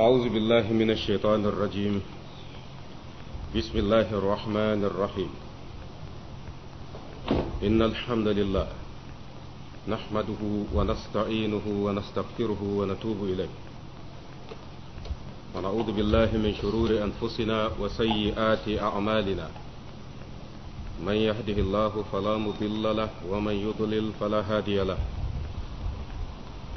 أعوذ بالله من الشيطان الرجيم بسم الله الرحمن الرحيم إن الحمد لله نحمده ونستعينه ونستغفره ونتوب إليه ونعوذ بالله من شرور أنفسنا وسيئات أعمالنا من يهده الله فلا مضل له ومن يضلل فلا هادي له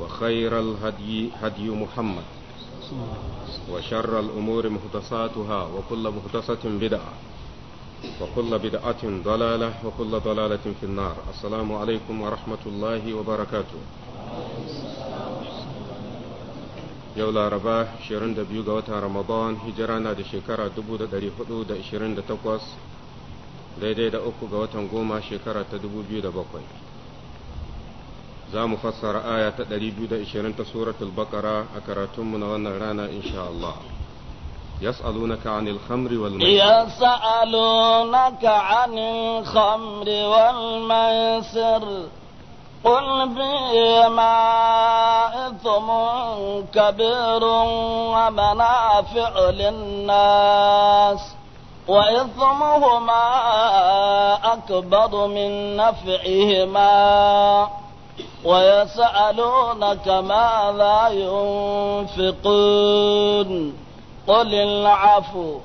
وخير الهدي هدي محمد وشر الأمور محدثاتها وكل محدثة بدعة وكل بدعة ضلالة وكل ضلالة في النار السلام عليكم ورحمة الله وبركاته yau laraba 22 ga watan ramadan hijira na da shekara 428 daidai da uku ga watan goma shekara ta 2007 za mu fassara aya ta 220 ta suratul baqara a karatunmu na wannan rana insha Allah يسألونك عن الخمر والميسر يسألونك عن الخمر والميسر قل بهما إثم كبير ومنافع للناس وإثمهما أكبر من نفعهما ويسألونك ماذا ينفقون قل العفو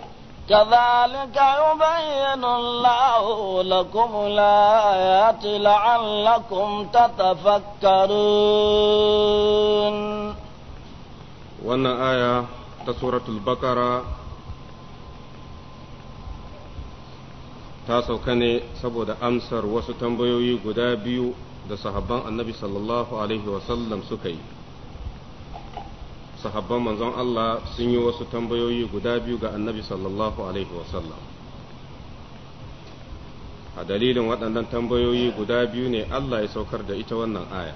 كذلك يبين الله لكم الآيات لعلكم تتفكرون وانا آية تسورة البقرة تاسو كاني سبو دا أمسر وسو تنبيو يقو da sahabban annabi sallallahu alaihi wasallam suka yi sahabban manzon Allah sun yi wasu tambayoyi guda biyu ga annabi sallallahu alaihi wasallam a dalilin waɗannan tambayoyi guda biyu ne Allah ya saukar da ita wannan aya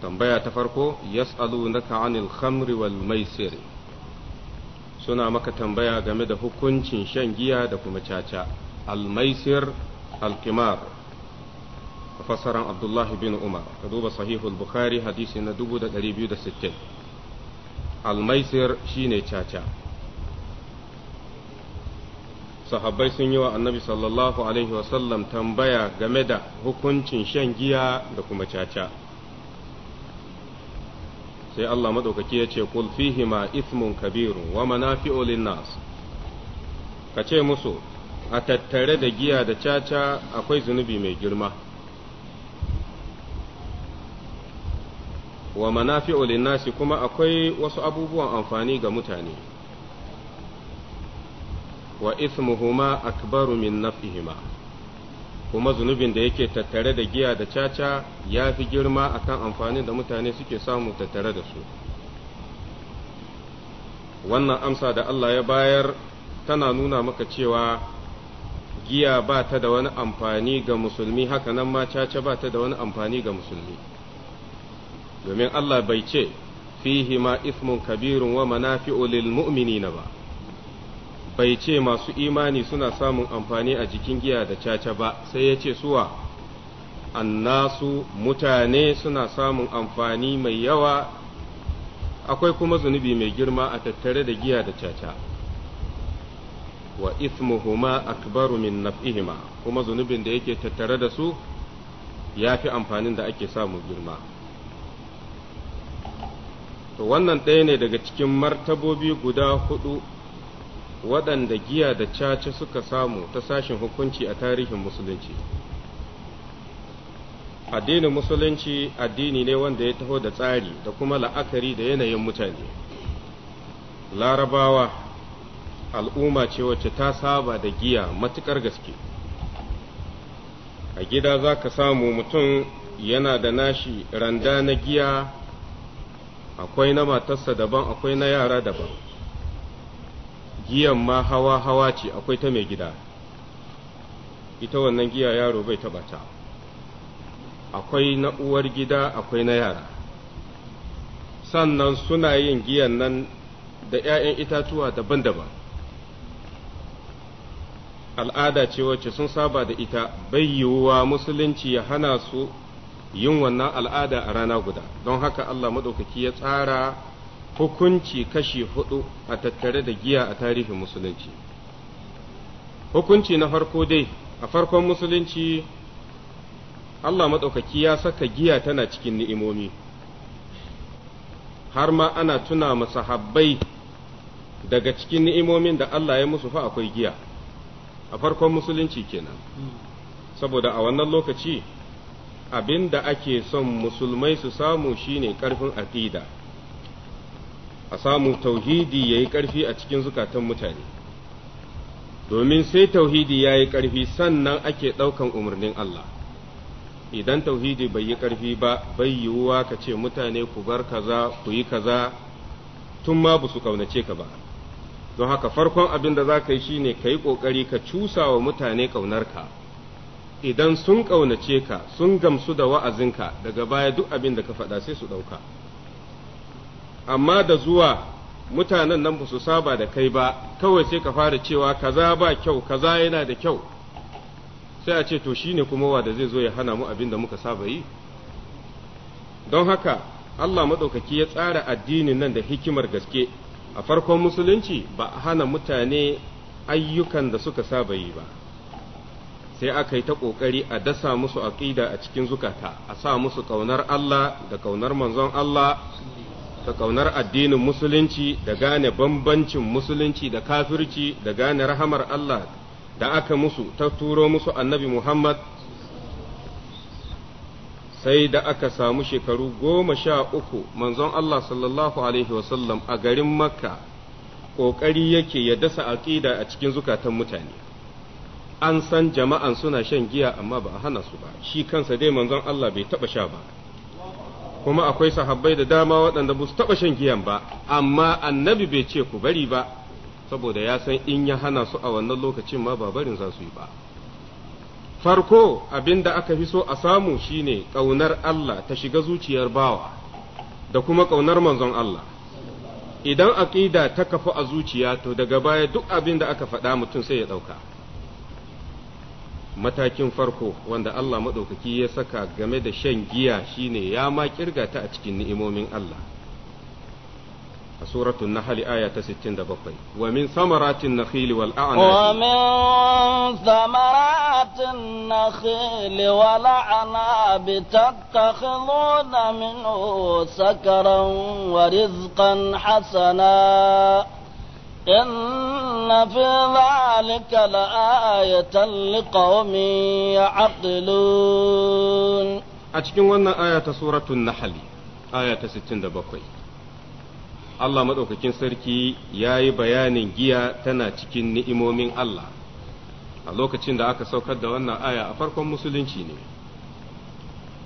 tambaya ta farko naka anil khamri wal maisir suna maka tambaya game da hukuncin shan giya da kuma caca al maisir alkimar a fassaran abdullahi bin umar ka duba sahihul bukhari hadisi na 2260 almaisir shine caca sahabbai sun yi wa annabi sallallahu alaihi wasallam tambaya game da hukuncin shan giya da kuma caca sai Allah maɗaukaki ya ce kul fihima ismun kabirun wa manafi'u linnas ka ce musu a tattare da giya da caca akwai zunubi mai girma wa manafi'u nasi kuma akwai wasu abubuwan amfani ga mutane wa ismuhuma akbaru min naf'ihima kuma zunubin da yake tattare da giya da caca ya fi girma akan amfani da mutane suke samu tattare da su wannan amsa da Allah ya bayar tana nuna maka cewa giya ba ta da wani amfani ga musulmi haka nan ma caca ba ta da wani amfani ga musulmi domin Allah bai ce fihi ma ismun kabirun wa manafi'u lil mu'minina ba bai ce masu imani suna samun amfani a jikin giya da caca ba sai ya ce suwa annasu mutane suna samun amfani mai yawa akwai kuma zunubi mai girma a tattare da giya da caca wa ithmuhuma akbaru min naf'ihima kuma zunubin da yake tattare da su ya fi amfanin da ake samu girma to wannan ɗaya ne daga cikin martabobi guda hudu waɗanda giya da caca suka samu ta sashin hukunci a tarihin musulunci addinin musulunci addini ne wanda ya taho da tsari da kuma la'akari da yanayin mutane larabawa al'umma ce wacce ta saba da giya matuƙar gaske a gida za ka samu mutum yana da nashi randa na giya akwai na matarsa daban akwai na yara daban giyan ma hawa-hawa ce akwai ta mai gida ita wannan giya yaro bai taɓa ta akwai na uwar gida akwai na yara sannan suna yin giyan nan da ‘ya'yan itatuwa daban-daban al'ada ce wacce sun saba da ita bai yiwuwa musulunci ya hana su yin wannan al'ada a rana guda don haka Allah maɗaukaki ya tsara hukunci kashi hudu a tattare da giya a tarihin musulunci hukunci na farko dai a farkon musulunci Allah maɗaukaki ya saka giya tana cikin ni'imomi har ma ana tuna masahabbai daga cikin ni'imomin da Allah ya musu fa akwai giya a farkon musulunci kenan saboda a wannan lokaci abin da ake son musulmai su samu shine karfin aƙida a samu tauhidi ya yi ƙarfi a cikin zukatan mutane domin sai tauhidi ya yi ƙarfi sannan ake ɗaukan umarnin Allah idan tauhidi bai yi ƙarfi ba bai yiwuwa ka ce mutane ku bar kaza ku yi kaza tun ma ba su ƙaunace ka ba don haka farkon abin da za ka yi shi ne ka yi ƙoƙari ka cusa wa mutane ƙaunarka idan sun ƙaunace ka sun gamsu da wa'azinka daga baya duk abin da ka faɗa sai su ɗauka amma da zuwa mutanen nan ba su saba da kai ba kawai sai ka fara cewa kaza ba kyau kaza yana da kyau sai a ce to ne kuma wa da zai zo ya hana mu abin da muka saba yi don haka Allah maɗaukaki ya tsara addinin nan da hikimar gaske a farkon musulunci ba a hana mutane ayyukan da suka saba yi ba sai aka yi ta ƙoƙari a dasa musu aƙida a cikin zukata a sa musu ƙaunar Allah da ƙaunar manzon Allah da ƙaunar addinin musulunci da gane bambancin musulunci da kafirci da gane rahamar Allah da aka musu ta turo musu annabi Muhammad sai da aka samu shekaru goma sha uku manzon Allah sallallahu alaihi wasallam a garin makka ƙoƙari yake ya dasa aƙida a cikin zukatan mutane an san jama'an suna shan giya amma ba a hana su ba shi kansa dai manzon Allah bai taɓa sha ba kuma akwai sahabbai da dama waɗanda ba su taɓa shan giyan ba amma annabi bai ce ku bari ba saboda ya san in ya hana su a wannan lokacin ma ba barin za su yi ba farko abin da aka fi so a samu shine ƙaunar Allah ta shiga zuciyar bawa da kuma ƙaunar manzon Allah idan aƙida ta kafu a zuciya to daga baya duk abin da aka faɗa mutum sai ya ɗauka matakin farko wanda Allah maɗaukaki ya saka game da shan giya shine ya ma kirga ta a cikin ni'imomin Allah a suratul nahl aya ta 67 wa min samaratin nakhili wal a'nab wa min النخيل والأعناب تتخذون منه سكرا ورزقا حسنا إن في ذلك لآية لقوم يعقلون أتكلم أن آية سورة النحل آية ستين 67 Allah maɗaukakin sarki ya yi bayanin giya tana cikin ni'imomin Allah. a lokacin da aka saukar da wannan aya a farkon musulunci ne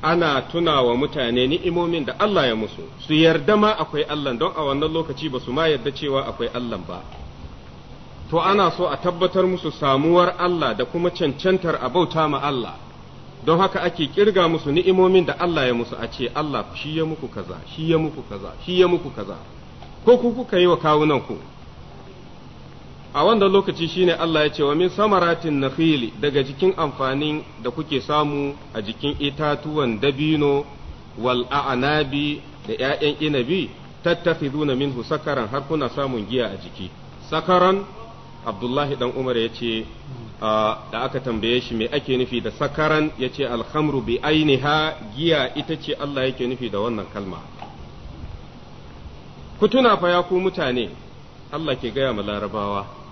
ana tuna wa mutane ni'imomin da Allah ya musu su yarda ma akwai Allah don a wannan lokaci ba su ma yarda cewa akwai Allah ba to ana so a tabbatar musu samuwar Allah da kuma cancantar a ma Allah don haka ake kirga musu ni'imomin da Allah ya musu a ce Allah shi ya muku kaza shi ya muku kaza shi ya muku kaza ko ku kuka yi wa kawunan ku a wanda lokaci shine Allah ya ce wa min samaratin nakhili daga jikin amfanin da kuke samu a jikin itatuwan dabino wal da ƴaƴan inabi tattakhiduna minhu sakaran har kuna samun giya a jiki sakaran Abdullahi dan Umar ya ce da aka tambaye shi me ake nufi da sakaran ya ce alhamru bi ainiha giya ita ce Allah yake nufi da wannan kalma ku tuna fa ya ku mutane Allah ke gaya ma larabawa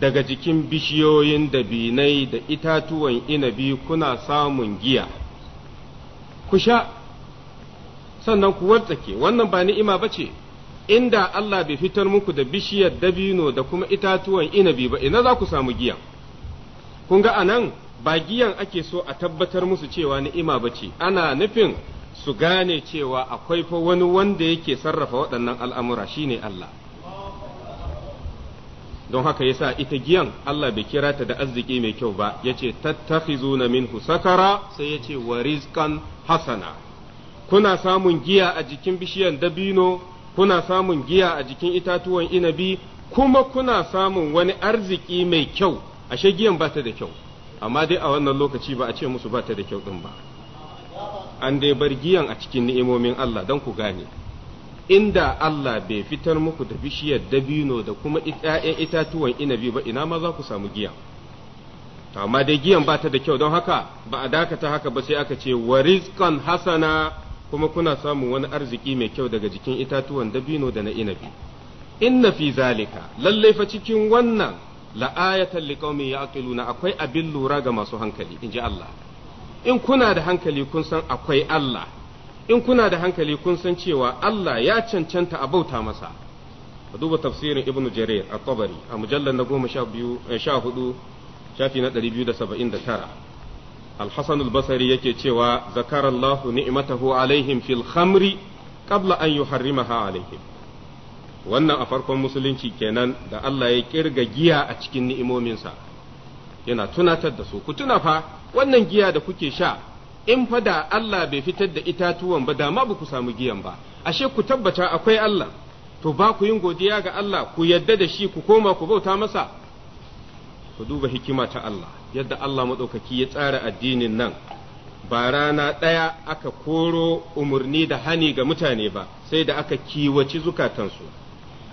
daga jikin bishiyoyin dabinai da itatuwan inabi kuna samun giya ku sha sannan ku wartsake wannan ba ni'ima ba ce inda Allah bai fitar muku da bishiyar dabino da kuma itatuwan inabi ba ina za ku samu giya kun ga anan ba giyan ake so a tabbatar musu cewa ni'ima ba ce ana nufin su gane cewa akwai fa wani wanda yake sarrafa waɗannan al'amura shine Allah don haka yasa ita giyan Allah bai kira ta da arziki mai kyau ba yace tattakhizuna minhu sakara sai yace wa rizqan hasana kuna samun giya a jikin bishiyan dabino kuna samun giya a jikin itatuwan inabi kuma kuna samun wani arziki mai kyau ashe giyan ba ta da kyau amma dai a wannan lokaci ba a ce musu ba ta da kyau din ba an dai bar giyan a cikin ni'imomin Allah don ku gane inda Allah bai fitar muku da bishiyar dabino da kuma ‘ya'yan itatuwan inabi ba ina ma za ku samu giya amma dai giyan ba ta da kyau don haka ba a dakata haka ba sai aka ce wa rizqan hasana kuma kuna samun wani arziki mai kyau daga jikin itatuwan dabino da na inabi inna fi zalika lallai fa cikin wannan ya liqaumin yaqiluna akwai abin lura ga masu hankali ji Allah in kuna da hankali kun san akwai Allah in kuna da hankali kun san cewa Allah ya cancanta a bauta masa duba tafsirin ibnu jarir a tabari a mujallar na goma eh, sha hudu shafi na ɗari biyu da saba'in da tara alhassan albasari yake cewa zakarallahu ni'matahu alaihim fil khamri qabla an yuharrimaha alaihim wannan a farkon musulunci kenan da Allah ya kirga giya a cikin ni'imominsa yana tunatar da su ku tuna fa wannan giya da kuke sha in fa da Allah bai fitar da itatuwan ba da ma ba ku samu giyan ba ashe ku tabbata akwai Allah to ba ku yin godiya ga Allah ku yadda da shi ku koma ku bauta masa ku duba hikima ta Allah yadda Allah maɗaukaki ya tsara addinin nan ba rana ɗaya aka koro umarni da hani ga mutane ba sai da aka kiwaci zukatansu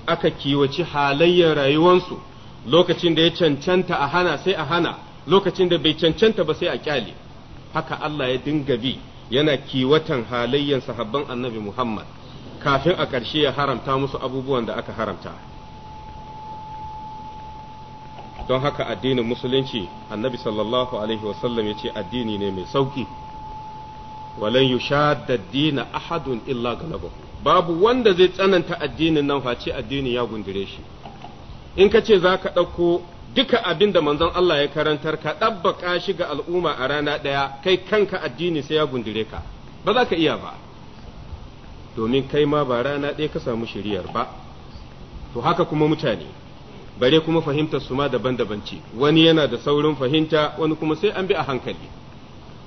aka kiwaci halayyar rayuwansu lokacin da ya cancanta a hana sai a hana lokacin da bai cancanta ba sai a kyale haka Allah ya dinga bi yana kiwatan halayyan sahabban annabi Muhammad kafin a ƙarshe ya haramta musu abubuwan da aka haramta don haka addinin musulunci annabi sallallahu alaihi wasallam ya ce addini ne mai sauki walan yushadda dina ahadun illa galaba. babu wanda zai tsananta addinin nan face addini ya gundure shi in ka ce za ka ɗauko duka abin da manzon Allah ya karantar ka ɗabbaka shi ga al'umma a rana ɗaya kai kanka addini sai ya gundure ka ba za ka iya ba domin kai ma ba rana ɗaya ka samu shiriyar ba to haka kuma mutane bare kuma fahimtar su ma daban-daban ce wani yana da saurin fahimta wani kuma sai an bi a hankali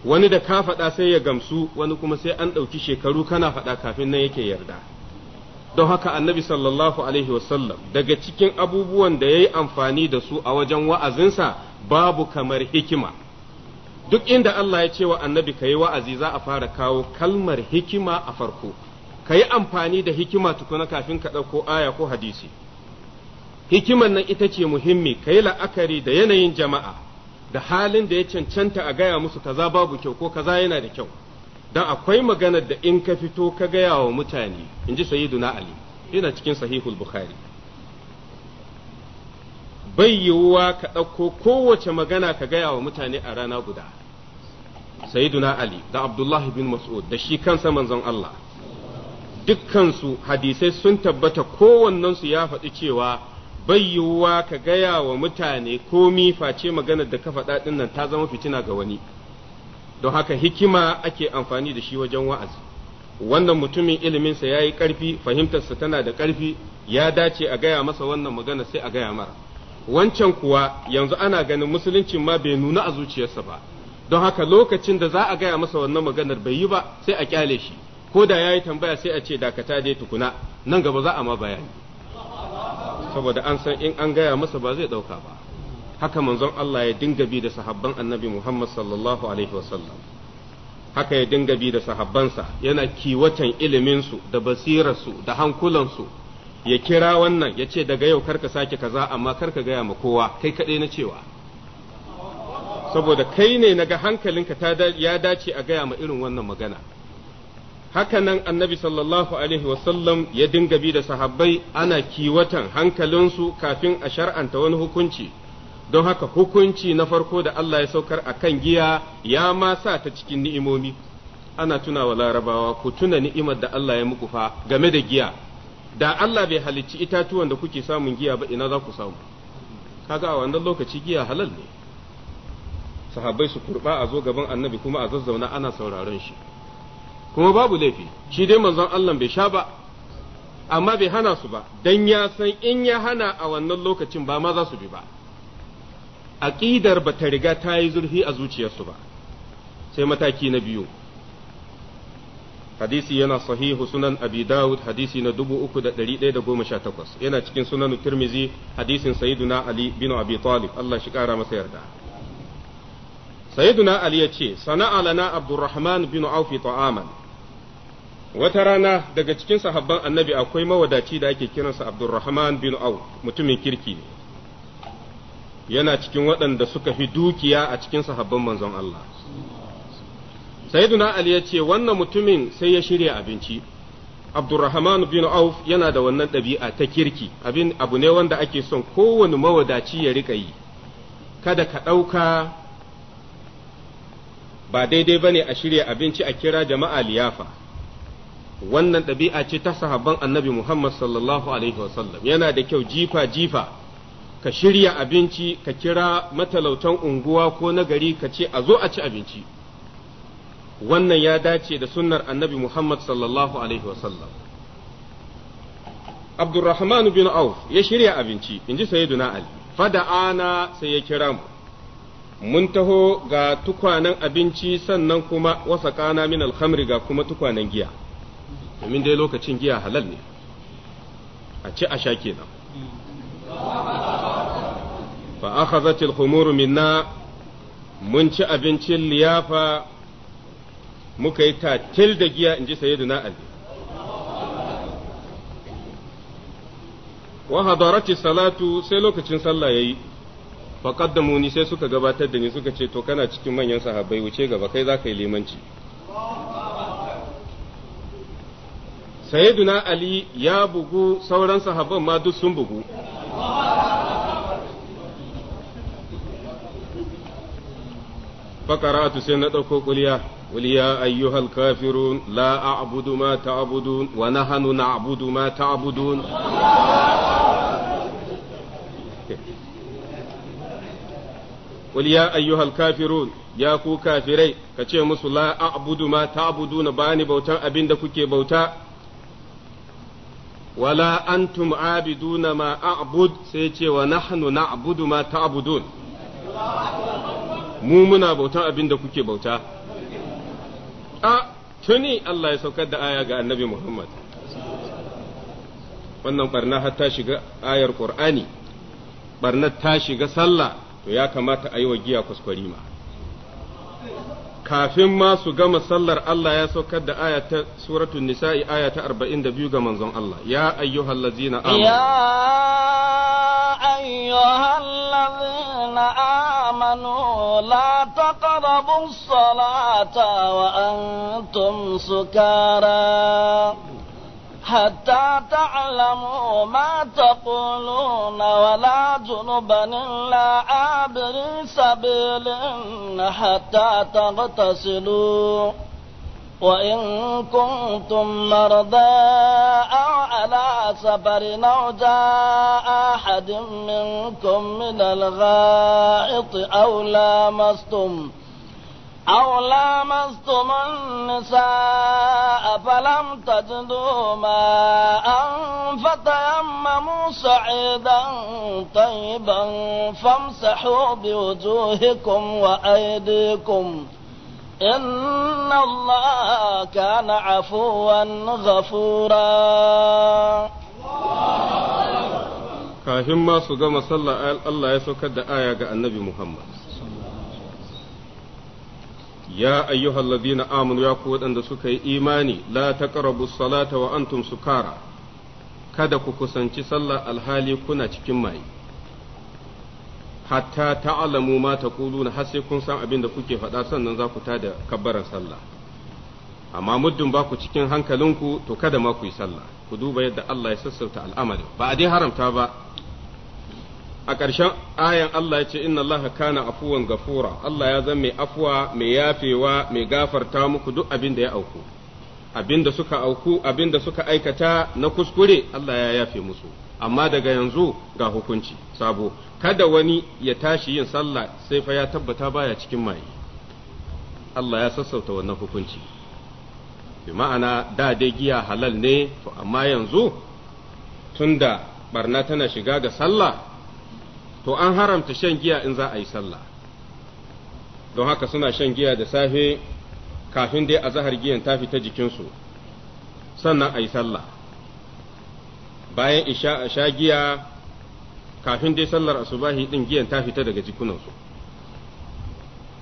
wani da ka faɗa sai ya gamsu wani kuma sai an ɗauki shekaru kana faɗa kafin nan yake yarda don haka annabi sallallahu alaihi wasallam daga cikin abubuwan da ya yi amfani da su a wajen wa'azinsa babu kamar hikima duk inda Allah ya ce wa annabi ka yi wa'azi za a fara kawo kalmar hikima a farko ka yi amfani da hikima tukuna kafin ka ɗauko aya ko hadisi hikiman nan ita ce muhimmi ka yi la'akari da yanayin jama'a da halin da ya cancanta a gaya musu kaza babu kyau ko kaza yana da kyau dan akwai maganar da in ka fito ka gaya wa mutane in ji sayyiduna ali yana cikin sahihul bukhari bai yiwuwa ka ɗauko kowace magana ka gaya wa mutane a rana guda sayyiduna ali da abdullahi bin mas'ud da shi kansa manzon Allah dukkansu hadisai sun tabbata su ya faɗi cewa bai yiwuwa ka gaya wa mutane komi face maganar da ka faɗa ɗin nan ta zama fitina ga wani don haka hikima ake amfani da shi wajen wa'azi wannan mutumin iliminsa ya yi ƙarfi fahimtarsa tana da ƙarfi ya dace a gaya masa wannan magana sai a gaya mara wancan kuwa yanzu ana ganin musuluncin ma bai nuna a zuciyarsa ba don haka lokacin da za a gaya masa wannan maganar bai yi ba sai a kyale shi ko da ya yi tambaya sai a ce dakata dai tukuna nan gaba za a ma bayani saboda an san in an gaya masa ba zai ɗauka ba haka manzon Allah ya dinga bi da sahabban annabi Muhammad sallallahu alaihi wasallam haka ya dinga bi da sahabbansa yana kiwatan iliminsu da basirarsu da hankulansu ya kira wannan ya ce daga yau karka sake kaza amma karka gaya ma kowa kai kaɗai na cewa saboda kai ne naga hankalinka ta ya dace a gaya ma irin wannan magana haka nan annabi sallallahu alaihi wasallam ya dinga bi da sahabbai ana kiwatan hankalinsu kafin a shar'anta wani hukunci don haka hukunci na farko da Allah ya saukar a kan giya ya ma sa ta cikin ni'imomi ana tuna wa larabawa ku tuna ni'imar da Allah ya muku fa game da giya da Allah bai halicci itatuwan da kuke samun giya ba ina za ku samu kaga a wannan lokaci giya halal ne sahabbai su kurba a zo gaban annabi kuma a zazzauna ana sauraron shi kuma babu laifi shi dai manzon Allah bai sha ba amma bai hana su ba dan ya san in ya hana a wannan lokacin ba ma za su bi ba aqidar ba ta riga ta yi zurfi a zuciyarsu ba sai mataki na biyu hadisi yana sahihu sunan abi dawud hadisi na takwas yana cikin sunan tirmizi hadisin sayyiduna ali bin abi talib Allah shi kara masa yarda sayyiduna ali ya ce sana'a lana abdurrahman bin auf ta'aman wata rana daga cikin sahabban annabi akwai mawadaci da ake kiransa abdurrahman bin auf mutumin kirki ne yana cikin waɗanda suka fi dukiya a cikin sahabban manzon Allah sayyiduna ali ya ce wannan mutumin sai ya shirya abinci abdurrahman bin auf yana da wannan ɗabi'a ta kirki abin abu ne wanda ake son kowane mawadaci ya riƙa yi kada ka ɗauka ba daidai ba ne a shirya abinci a kira jama'a liyafa wannan ɗabi'a ce ta sahabban annabi muhammad sallallahu alaihi wasallam yana da kyau jifa jifa ka shirya abinci ka kira matalautan unguwa ko na gari ka ce a zo a ci abinci wannan ya dace da sunnar annabi Muhammad sallallahu alaihi wasallam Abdurrahman bin Auf ya shirya abinci in ji sayyiduna Ali fada'ana sai ya kira mu mun taho ga tukwanen abinci sannan kuma wasa kana min alhamri ga kuma tukwanen giya domin dai lokacin giya halal ne a ci a sha kenan fa akhadhat khumur minna mun ci abincin liyafa muka yi tatil da giya inji sayyiduna ali wa hadarati salatu sai lokacin sallah yayi fa qaddamu ni sai suka gabatar da ni suka ce to kana cikin manyan sahabbai wuce gaba kai za yi limanci sayyiduna ali ya bugu sauran sahabban ma duk sun bugu فقرأت سنة قل قل يا أيها الكافرون لا أعبد ما تعبدون ونحن نعبد ما تعبدون قل يا أيها الكافرون يا كو كافري كتشي مسو لا أعبد ما تعبدون باني بوتا أبين دكوكي بوتا ولا أنتم عابدون ما أعبد سيتشي ونحن نعبد ما تعبدون mu muna bautan abin da kuke bauta a tuni Allah ya saukar da aya ga annabi Muhammad wannan barna har ta shiga ayar Qur'ani barnar ta shiga sallah to ya kamata a yi wa giya kwaskwarima kafin ma su gama sallar Allah ya saukar da aya ta suratul nisa'i aya ta 42 ga manzon Allah ya ayyuhal ladzina amanu ya ayyuhal ladzina amanu la taqrabu salata wa antum sukara حتى تعلموا ما تقولون ولا جنبا إلا عابر سبيل حتى تغتسلوا وإن كنتم مرضى أو على سفر أو جاء أحد منكم من الغائط أو لامستم أو لامستم النساء فلم تجدوا ماء فتيمموا صعيدا طيبا فامسحوا بوجوهكم وأيديكم إن الله كان عفوا غفورا كافٍ ما سجم صلى الله عليه وسلم النبي محمد ya ayyuhal ladina amanu ya ku waɗanda suka yi imani la taqrabu salata wa antum sukara kada ku kusanci sallah alhali kuna cikin mai hatta ta'lamu ma taquluna har sai kun san abin da kuke faɗa sannan za ku tada kabbaran sallah amma muddin ba ku cikin hankalinku to kada ma ku yi sallah ku duba yadda Allah ya sassauta al'amari ba a dai haramta ba a ƙarshen ayan Allah ya ce inna Allah kana afuwan gafura Allah ya zama mai afuwa mai yafewa mai gafarta muku duk abin da ya auku abin da suka auku abin da suka aikata na kuskure Allah ya yafe musu amma daga yanzu ga hukunci sabo kada wani ya tashi yin sallah sai fa ya tabbata baya cikin mai Allah ya sassauta wannan hukunci bi ma'ana da dai giya halal ne to amma yanzu tunda barna tana shiga ga sallah to an haramta shan giya in za a yi sallah don haka suna shan giya da safe kafin dai a zahar giyan ta fita jikinsu sannan a yi sallah bayan isha sha giya kafin dai sallar asubahi din giyan ta fita daga jikunansu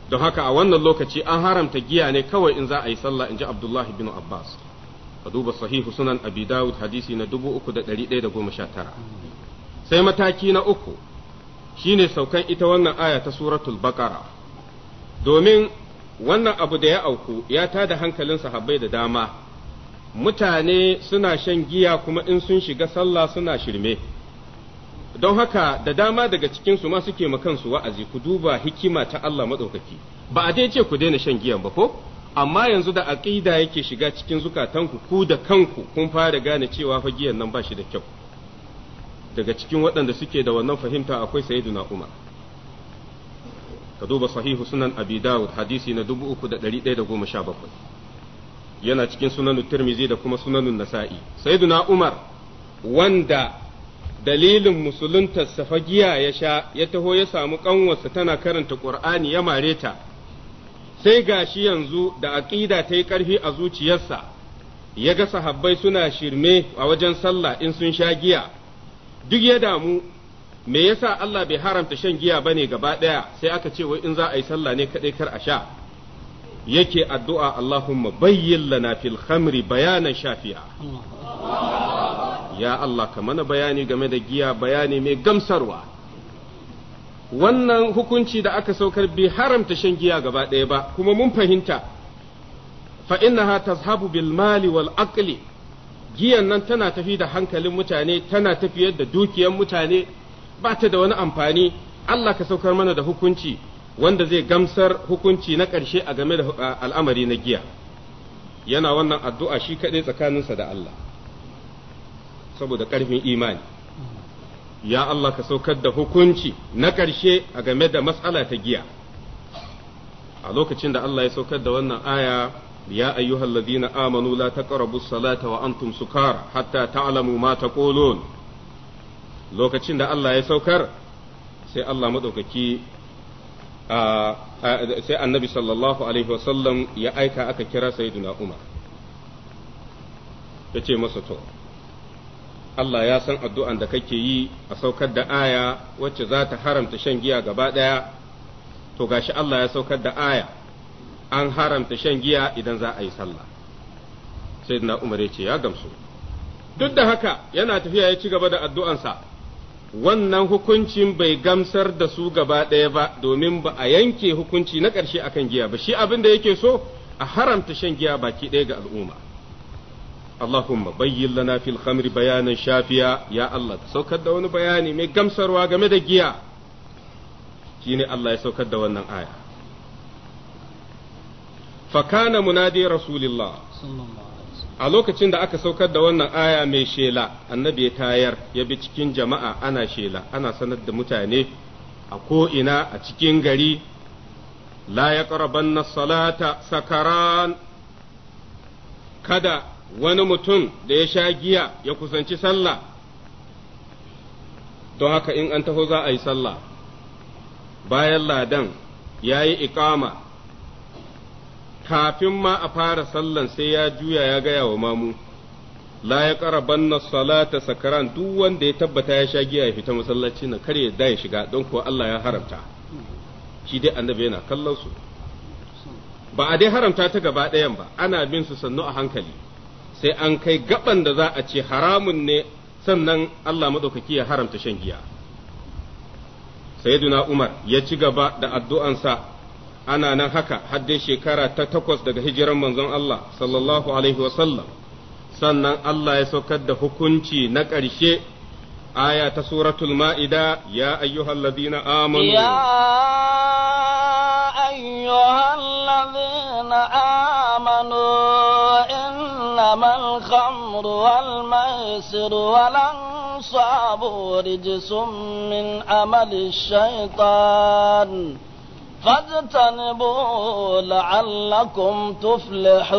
don haka a wannan lokaci an haramta giya ne kawai in za a yi sallah in ji abdullahi bin abbas a duba sahihu sunan abi dawud hadisi na 3119 sai mataki na uku Shi ne saukan ita wannan aya ta suratul baqara domin wannan abu da ya auku ya ta da hankalin sahabbai da dama mutane suna shan giya kuma in sun shiga sallah suna shirme don haka da dama daga cikinsu ma suke ma kansu wa'azi ku duba hikima ta Allah maɗaukaki ba a dai ce ku daina shan giyan ba ko amma yanzu da aƙida yake shiga cikin zukatanku ku da kanku kun fara gane cewa fa giyan nan ba shi da kyau daga cikin waɗanda suke da wannan fahimta akwai sayyiduna umar ka duba sahihu sunan abi dawud hadisi na 3117 yana cikin sunan tirmizi da kuma sunan nasa'i sayyiduna umar wanda dalilin musuluntar safagiya ya sha ya taho ya samu ƙanwarsa tana karanta qur'ani ya mare ta sai gashi yanzu da aqida ta yi karfi a zuciyarsa ya ga sahabbai suna shirme a wajen sallah in sun sha giya duk ya damu me yasa Allah bai haramta shan giya bane gaba daya sai aka ce wai in za a yi sallah ne kadai kar a sha yake addu'a Allahumma bayyin lana fil khamri bayanan shafi'a ya Allah ka mana bayani game da giya bayani mai gamsarwa wannan hukunci da aka saukar bai haramta shan giya gaba ɗaya ba kuma mun fahimta fa innaha tazhabu bil mali wal aqli giyan nan tana tafi da hankalin mutane tana tafiyar da dukiyar mutane ba ta da wani amfani Allah ka saukar mana da hukunci wanda zai gamsar hukunci na ƙarshe a game da al'amari na giya yana wannan addu'a shi kaɗai tsakaninsa da Allah saboda ƙarfin imani ya Allah ka saukar da hukunci na ƙarshe a game da matsala ta giya a lokacin da Allah ya saukar da wannan aya يا أيها الذين آمنوا لا تقربوا الصلاة وأنتم سكار حتى تعلموا ما تقولون lokacin da Allah ya saukar sai Allah maɗaukaki sai annabi sallallahu alaihi wasallam ya aika aka kira sayyiduna Umar ya ce masa to Allah ya san addu'an da kake yi a saukar da aya wacce za haramta shan giya gaba ɗaya to gashi Allah ya saukar da aya an haramta shan giya idan za a yi sallah sai na umar ya ce ya gamsu duk da haka yana tafiya ya ci gaba da addu'ansa wannan hukuncin bai gamsar da su gaba ɗaya ba domin ba a yanke hukunci na ƙarshe akan giya ba shi abin da yake so a haramta shan giya baki ɗaya ga al'umma Allahumma bayyin lana fil khamri bayanan shafiya ya Allah saukar da wani bayani mai gamsarwa game da giya shine Allah ya saukar da wannan aya fakana munadi rasulillah a lokacin da aka saukar da wannan aya mai shela annabi ya tayar ya bi cikin jama'a ana shela ana sanar da mutane a ko ina a cikin gari la ya na salata sakaran kada wani mutum da ya sha giya ya kusanci sallah don haka in an taho za a yi sallah bayan ladan ya yi ikama kafin ma a fara sallan sai ya juya ya gaya wa mamu la ya na salata sakaran duk wanda ya tabbata ya sha giya ya fita masallaci na kar da ya shiga don kuwa Allah ya haramta shi dai annabi yana kallon su ba a dai haramta ta gaba ɗayan ba ana bin su sannu a hankali sai an kai gaban da za a ce haramun ne sannan Allah madaukaki ya haramta shan giya sayyiduna Umar ya ci gaba da addu'ansa ana nan haka haddin shekara ta takwas daga hijiran manzon Allah sallallahu alaihi wasallam sannan Allah ya saukar da hukunci na ƙarshe aya ta suratul ma'ida ya ayyuhal ladina amanu ya ayyuhal ladina amanu innamal khamru wal maisiru wal ansabu rijsum min amali shaytan فاجتنبوا لعلكم تفلحون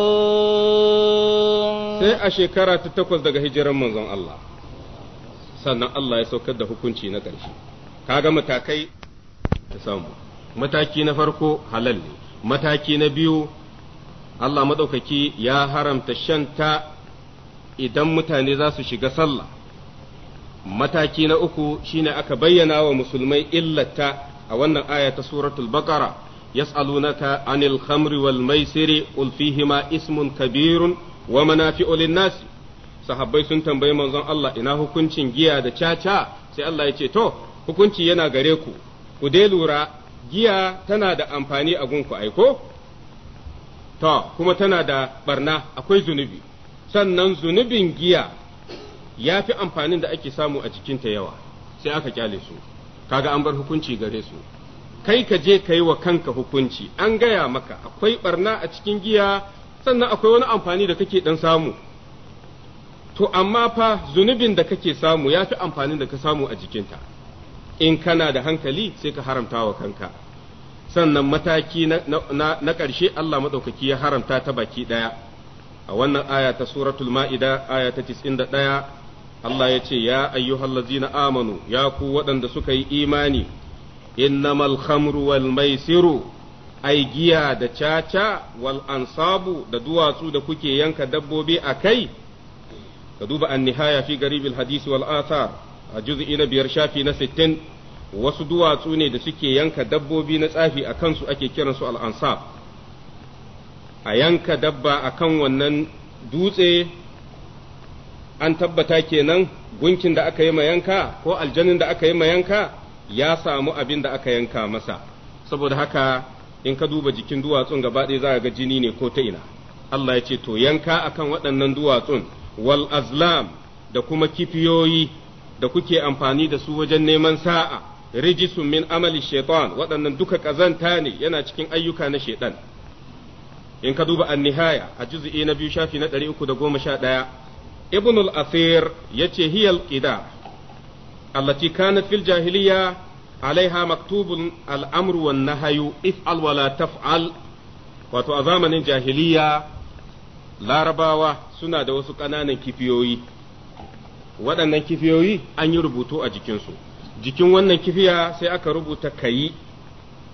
sai a shekara ta takwas daga hijiran manzon Allah sannan Allah ya saukar da hukunci na ƙarshe kaga matakai ta samu mataki na farko halal ne mataki na biyu Allah maɗaukaki ya haramta shan ta idan mutane za su shiga sallah mataki na uku shine aka bayyana wa musulmai illata a wannan aya ta suratul baqara yas'alunaka anil khamri wal maisiri qul fihima ismun kabirun wa manafi'u lin-nas sahabbai sun tambayi manzon Allah ina hukuncin giya da caca sai Allah ya ce to hukunci yana gare ku ku dai lura giya tana da amfani a gunku aiko to kuma tana da barna akwai zunubi sannan zunubin giya ya fi amfanin da ake samu a cikinta yawa sai aka kyale su kaga an bar hukunci gare su kai ka je ka yi wa kanka hukunci an gaya maka akwai barna a cikin giya sannan akwai wani amfani da kake dan samu to amma fa zunubin da kake samu ya fi amfanin da ka samu a jikinta in kana da hankali sai ka haramta wa kanka sannan mataki na ƙarshe Allah maɗaukaki ya haramta ta baki ɗaya a wannan aya ta suratul ma'ida aya ta 91 Allah ya ce ya ayyuhallazina amanu ya ku waɗanda suka yi imani innamal khamru wal maisiru ai giya da caca wal ansabu da duwatsu da kuke yanka dabbobi a kai ka duba an nihaya fi garibil hadisi wal athar a juz'i na biyar shafi na sittin wasu duwatsu ne da suke yanka dabbobi na tsafi a kansu ake kiransu al ansab a yanka dabba akan wannan dutse an tabbata kenan gunkin da aka yi ma yanka ko aljanin da aka yi ma yanka ya samu abin da aka yanka masa saboda haka in ka duba jikin duwatsun gaba ɗaya za ga jini ne ko ta ina Allah ya ce to yanka akan waɗannan duwatsun wal azlam da kuma kifiyoyi da kuke amfani da su wajen neman sa'a rijisun min amali shaitan waɗannan duka ƙazanta ne yana cikin ayyuka na shaitan in ka duba annihaya nihaya a juzi'i na biyu shafi na ɗari uku da goma sha ɗaya ibn al ya ce hiyal qida allati kanat fil jahiliya alaiha maktubun al-amru wan nahyu if'al wa la taf'al wato a zamanin jahiliya larabawa suna da wasu ƙananan kifiyoyi waɗannan kifiyoyi an yi rubutu a jikinsu jikin wannan kifiya sai aka rubuta kayi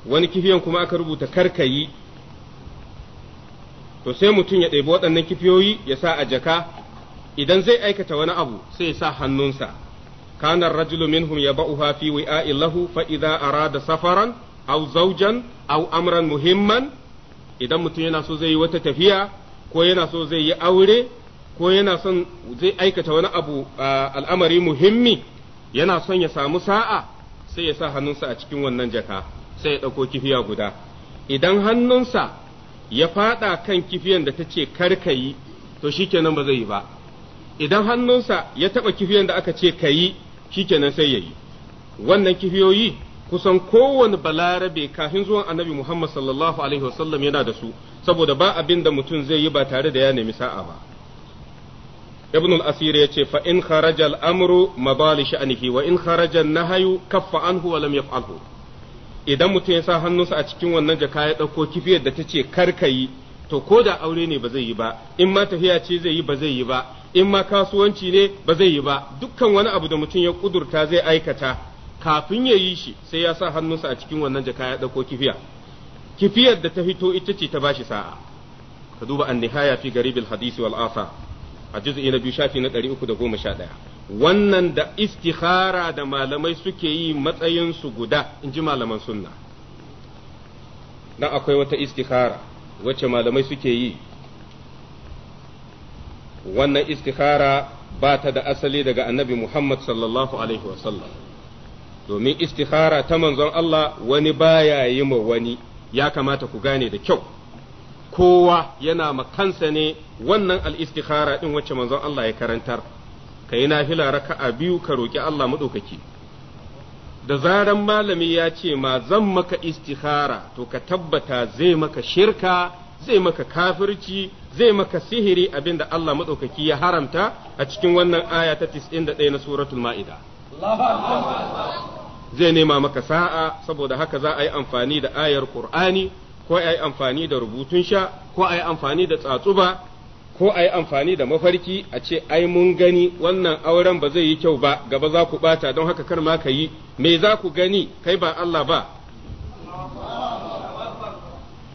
wani kifiyan kuma aka rubuta karkayi to sai mutum ya ɗebi waɗannan kifiyoyi ya sa a jaka idan zai aikata wani abu sai sa hannunsa kana rajulu minhum yab'uha fi wi'a'i lahu fa idza arada safaran aw zawjan aw amran muhimman idan mutum yana so zai yi wata tafiya ko yana so zai yi aure ko yana son zai aikata wani abu al'amari muhimmi yana son ya samu sa'a sai ya sa hannunsa a cikin wannan jaka sai ya ɗauko kifiya guda idan hannunsa ya faɗa kan kifiyan da ta ce karkayi to shikenan ba zai yi ba idan hannunsa ya taɓa kifiyan da aka ce ka yi shikenan sai ya yi wannan kifiyoyi kusan kowane balarabe kafin zuwan annabi muhammad sallallahu alaihi wasallam yana da su saboda ba abin da mutum zai yi ba tare da ya nemi sa'a ba ibn al ya ce fa in kharaja al-amru mabali sha'nihi wa in kharaja an-nahyu kaffa anhu wa lam yaf'alhu idan mutum ya sa hannunsa a cikin wannan jaka ya dauko kifiyar da ta ce kar karkayi to ko da aure ne ba zai yi ba in ma tafiya ce zai yi ba zai yi ba in ma kasuwanci ne ba zai yi ba dukkan wani abu da mutum ya kudurta zai aikata kafin ya yi shi sai ya sa hannunsa a cikin wannan jaka ya dauko kifiya kifiyar da ta fito ita ce ta bashi sa'a ka duba an nihaya fi garibil hadisi wal asa a juz'i na biyu shafi na 311 wannan da istikhara da malamai suke yi matsayin su guda in ji malaman sunna dan akwai wata istikhara wacce malamai suke yi wannan istikhara ba ta da asali daga annabi Muhammad sallallahu alaihi wasallam domin istikhara ta manzon Allah wani baya yi ma wani ya kamata ku gane da kyau kowa yana ma kansa ne wannan al-istikhara din wacce manzon Allah ya karantar kai nafila raka'a biyu ka roki Allah madaukaki da zaran malami ya ce ma zan maka istikhara to ka tabbata zai maka shirka zai maka kafirci zai maka sihiri abinda Allah maɗaukaki ya haramta a cikin wannan aya ta 91 na suratul ma'ida zai nema maka sa'a saboda haka za a yi amfani da ayar qur'ani ko a yi amfani da rubutun sha ko a yi amfani da tsatsuba ko a yi amfani da mafarki a ce ai mun gani wannan auren ba zai yi kyau ba gaba za ku bata don haka kar ma ka yi me za ku gani kai ba Allah ba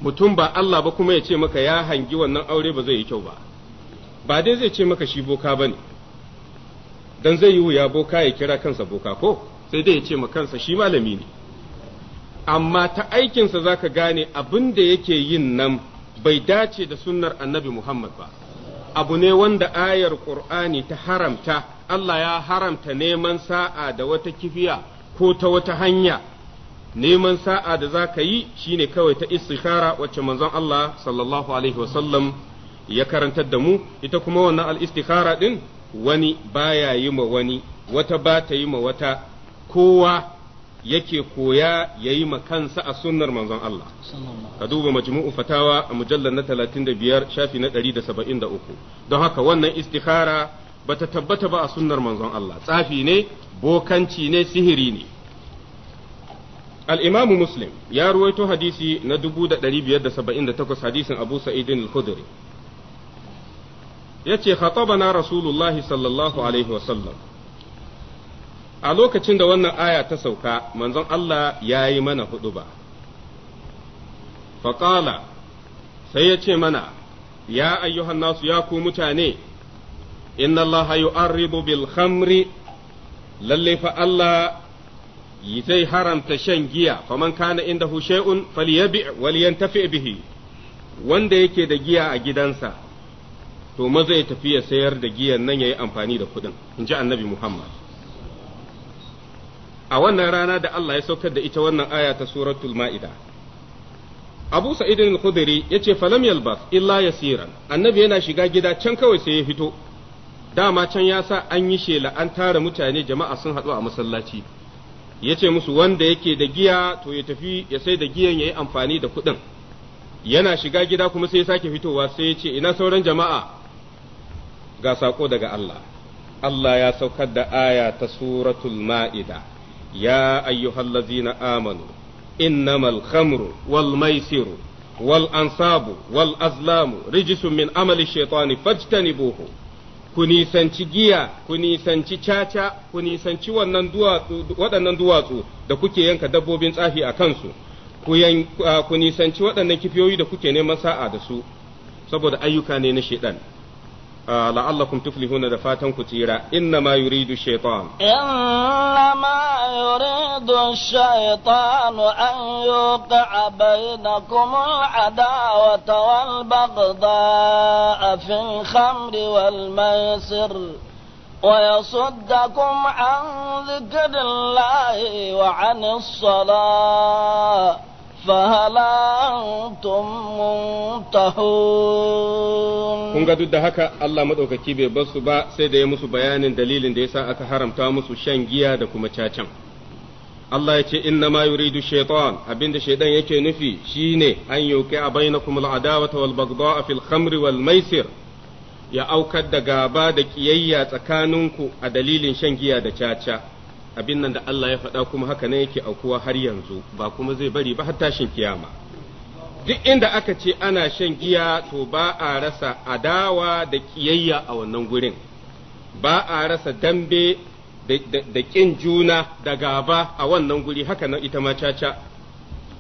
mutum ba Allah ba kuma ya ce maka ya hangi wannan aure ba zai yi kyau ba ba dai zai ce maka shi boka ba ne don zai yi wuya boka ya kira kansa boka ko sai dai ya ce ma kansa shi malami ne amma ta aikinsa za ka gane abin da yake yin nan bai dace da sunnar annabi Muhammad ba abu ne wanda ayar Qur'ani ta haramta Allah ya haramta neman sa'a da wata kifiya ko ta wata hanya neman sa'a da za ka yi shine kawai ta istikhara wacce manzon Allah sallallahu alaihi wasallam ya karantar da mu ita kuma wannan al-istikhara din wani baya yi ma wani wata ba ta yi ma wata kowa yake koya ya yi ma kansa a sunnar manzon Allah ka duba majmu'u fatawa a mujallar na 35 shafi na 173 don haka wannan istikhara bata tabbata ba a sunnar manzon Allah tsafi ne bokanci ne sihiri ne al-imam muslim ya ruwaito hadisi na 1578 hadisin abu sa'idin al-khudri yace khatabana rasulullahi sallallahu alaihi wa sallam a lokacin da wannan aya ta sauka manzon Allah ya yi mana huɗu ba faƙala sai ya ce mana ya ayyuhan nasu ya ku mutane inna Allah an bil khamri lalle fa Allah zai haramta shan giya faman kana indahu shay'un falyabi' walyantafi bihi wanda yake da giya a gidansa to maza ya tafi ya sayar da giyan nan yayi amfani da kuɗin in ji annabi Muhammad a wannan rana da Allah ya saukar da ita wannan aya ta suratul ma'ida Abu Sa'id al-Khudri yace falam yalbas illa yasiran annabi yana shiga gida can kawai sai ya fito dama can ya sa an yi shela an tara mutane jama'a sun haɗu a masallaci ya ce musu wanda yake da giya to ya tafi ya sai da giyan ya yi amfani da kuɗin yana shiga gida kuma sai ya sake fitowa sai ya ce ina sauran jama'a ga saƙo daga Allah Allah ya saukar da aya ta suratul ma'ida ya ayyuhallazina amanu innamal khamru wal maisiru wal ansabu wal azlamu rijisun min amali shaitani fajtanibuhu ku nisanci giya ku nisanci caca ku nisanci waɗannan duwatsu da kuke yanka dabbobin tsafi a kansu ku nisanci waɗannan kifiyoyi da kuke neman sa'a da su saboda ayyuka ne na shaidan آه، لعلكم تفلحون دفاتاً كتيرا إنما يريد الشيطان إنما يريد الشيطان أن يوقع بينكم العداوة والبغضاء في الخمر والميسر ويصدكم عن ذكر الله وعن الصلاه فهل أنتم منتهون kun ga duk da haka Allah madaukaki bai bar su ba sai da ya musu bayanin dalilin da yasa aka haramta musu shan giya da kuma cacan Allah ya ce inna ma yuridu shaytan abinda shaydan yake nufi shine an yuqi a bainakum al-adawata wal baghdha fil khamri wal maisir ya aukar da gaba da kiyayya tsakaninku a dalilin shan giya da caca abin nan da Allah ya faɗa kuma haka ne yake aukuwa har yanzu ba kuma zai bari ba har tashin kiyama duk inda aka ce ana shan giya to ba a rasa adawa da kiyayya a wannan gurin ba a rasa dambe da ƙin juna da gaba a wannan guri haka nan ita ma caca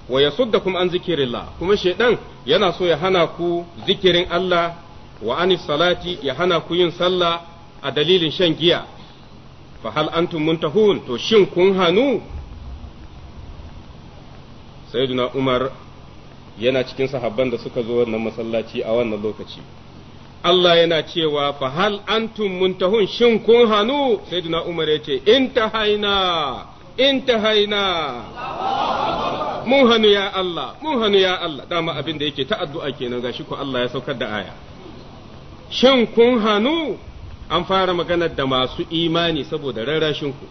wa yasuddakum an zikirillah kuma shedan yana so ya hana ku zikirin Allah wa anis salati ya hana ku yin sallah a dalilin shan giya fa hal antum muntahun to shin kun hanu sayyiduna umar yana cikin sahabban da suka zo wannan masallaci a wannan lokaci Allah yana cewa fa hal antum muntahun shin kun hanu sayyiduna umar yace intahaina intahaina mun hanu ya Allah mun hannu ya Allah dama abin da yake ta addu'a kenan gashi ko Allah ya saukar da aya shin kun hannu an fara maganar da masu imani saboda rarrashinku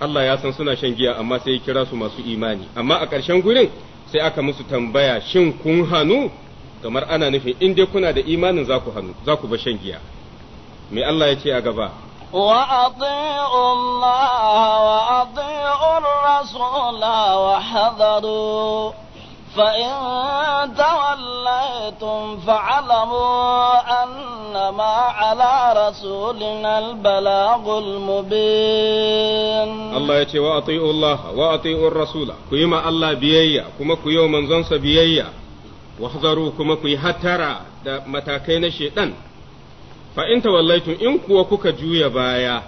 Allah ya san suna shan giya amma sai ya kira su masu imani amma a ƙarshen gurin sai aka musu tambaya shin kun hannu kamar ana nufin in dai kuna da imanin za ku hannu za ku ba shan giya me Allah ya ce a gaba وأطيعوا الله وأطيعوا الرسول وحذروا فإن توليتم فاعلموا أنما على رسولنا البلاغ المبين الله يتي وأطيعوا الله وأطيعوا الرسول كيما الله بيئيا كما كيو من زنس بيئيا واحذروا كما كي هترى متاكين الشيطان فإن توليتم إن كوا كوكا جويا بايا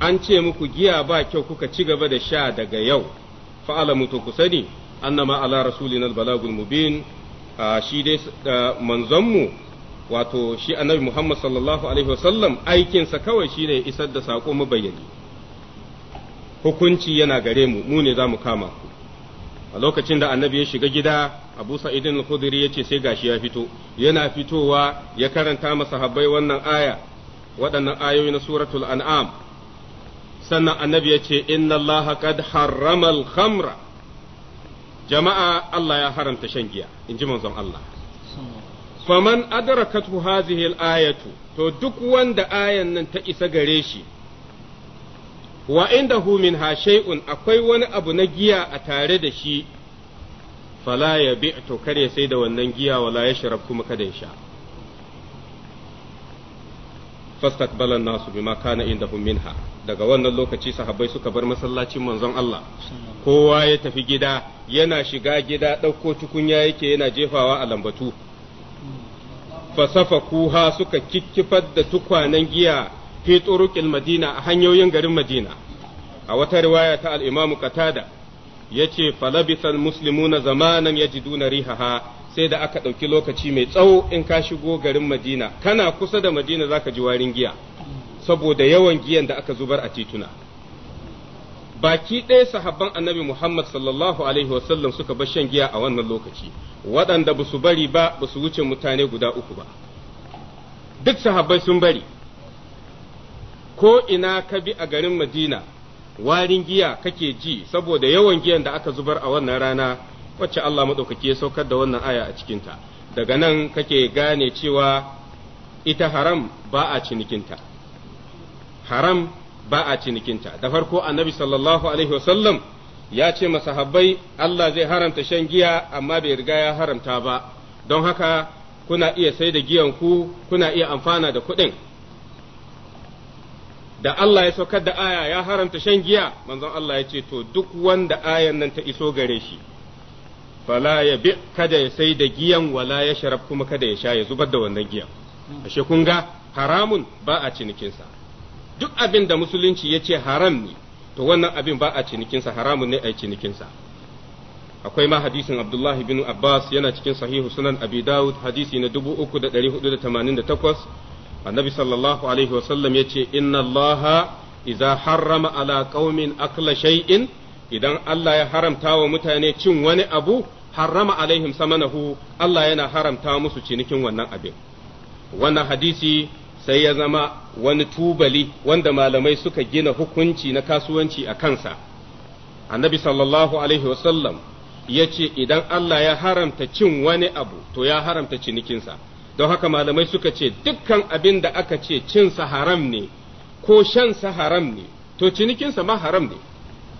an ce muku giya ba kyau kuka ci gaba da sha daga yau fa'ala mutu ku sani annama ala rasulina albalagul mubin shi dai mu wato shi annabi Muhammad sallallahu alaihi wasallam aikinsa kawai shine isar da sako mu bayyani hukunci yana gare mu mu ne zamu kama ku a lokacin da annabi ya shiga gida abu sa'idin al-khudri yace sai gashi ya fito yana fitowa ya karanta masa habbai wannan aya waɗannan ayoyi na suratul an'am sannan annabi yace inna allaha qad harrama al-khamra jama'a Allah ya haramta shan giya in ji manzon Allah faman Adarakatu hadhihi al-ayatu to duk wanda ayan nan ta isa gare shi wa inda Humin shay'un akwai wani abu na giya a tare da shi fala ya bi to kare sai da wannan giya wala ya sharab kuma kada ya sha fastaqbala an-nasu bima kana indahum minha daga wannan lokaci sahabbai suka bar masallacin manzon Allah kowa ya tafi gida yana shiga gida ɗauko tukunya yake yana jefawa a lambatu fasafa kuha suka kikkifar da tukwanen giya fi turuqil madina a hanyoyin garin madina a wata riwaya ta al-imamu qatada yace falabithal muslimuna zamanan yajiduna rihaha sai da aka ɗauki lokaci mai tsawo in ka shigo garin madina kana kusa da madina za ka ji warin giya saboda yawan giyan da aka zubar a tituna baki ɗaya sahabban annabi muhammad sallallahu alaihi wasallam suka bar shan giya a wannan lokaci waɗanda ba su bari ba ba su wuce mutane guda uku ba duk sahabbai sun bari ko ina ka bi a garin madina warin giya kake ji saboda yawan giyan da aka zubar a wannan rana wacce Allah maɗaukaki ya saukar da wannan aya a cikinta daga nan kake gane cewa ita haram ba a cinikinta haram ba a cinikinta da farko annabi sallallahu alaihi wasallam ya ce masahabbai Allah zai haramta shan giya amma bai riga ya haramta ba don haka kuna iya sai da giyan ku kuna iya amfana da kuɗin da Allah ya saukar da aya ya haramta shan giya manzon Allah ya ce to duk wanda ayan nan ta iso gare shi fala ya bi kada ya sai da giyan wala ya sharab kuma kada ya sha ya zubar da wannan giyan ashe kun ga haramun ba a cinikinsa duk abin da musulunci ya ce haram ne to wannan abin ba a cinikinsa haramun ne a cinikinsa akwai ma hadisin abdullahi bin abbas yana cikin sahihu sunan abi dawud hadisi na 3488 annabi sallallahu alaihi wasallam ya ce inna allaha idza harrama ala qaumin akla shay'in idan allah ya haramta wa mutane cin wani abu harrama alaihim samanahu Allah yana haramta musu cinikin wannan abin wannan hadisi sai ya zama wani tubali wanda malamai suka gina hukunci na kasuwanci a kansa annabi sallallahu alaihi wasallam ya ce idan Allah ya haramta cin wani abu to ya haramta cinikinsa don haka malamai suka ce dukkan abin da aka ce cinsa haram ne ko shansa haram ne to cinikinsa ma haram ne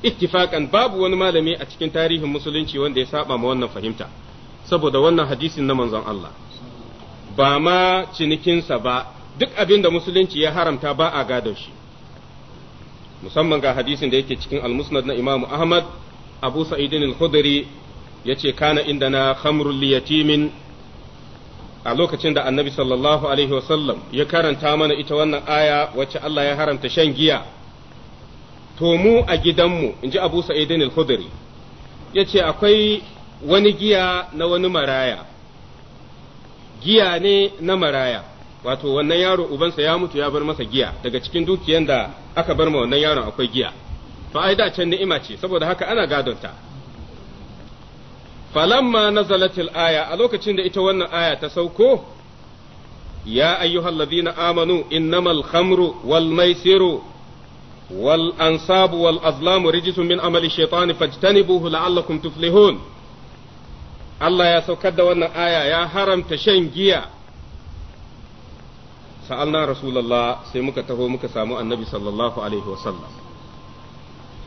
ittifaqan babu wani malami a cikin tarihin musulunci wanda ya saba ma wannan fahimta saboda wannan hadisin na manzon Allah ba ma cinikinsa ba duk abin da musulunci ya haramta ba a gadon shi musamman ga hadisin da yake cikin al na Imam Ahmad Abu Sa'id al-Khudri yace kana indana khamrul liyatimin a lokacin da annabi sallallahu alaihi wasallam ya karanta mana ita wannan aya wacce Allah ya haramta shan giya to mu a gidanmu in ji abu sa'idin al-khudri ya ce akwai wani giya na wani maraya giya ne na maraya wato wannan yaro ubansa ya mutu ya bar masa giya daga cikin dukiyan da aka bar ma wannan yaron akwai giya to ai da can ni'ima ce saboda haka ana gadonta falamma nazalatil aya a lokacin da ita wannan aya ta sauko ya ayyuhal ladina amanu innamal khamru wal maisiru wal ansabu wal azlamu rijsun min amali shaytani fajtanibuhu la'allakum tuflihun Allah ya saukar da wannan aya ya haramta shan giya sa'alna rasulullah sai muka taho muka samu annabi sallallahu alaihi wasallam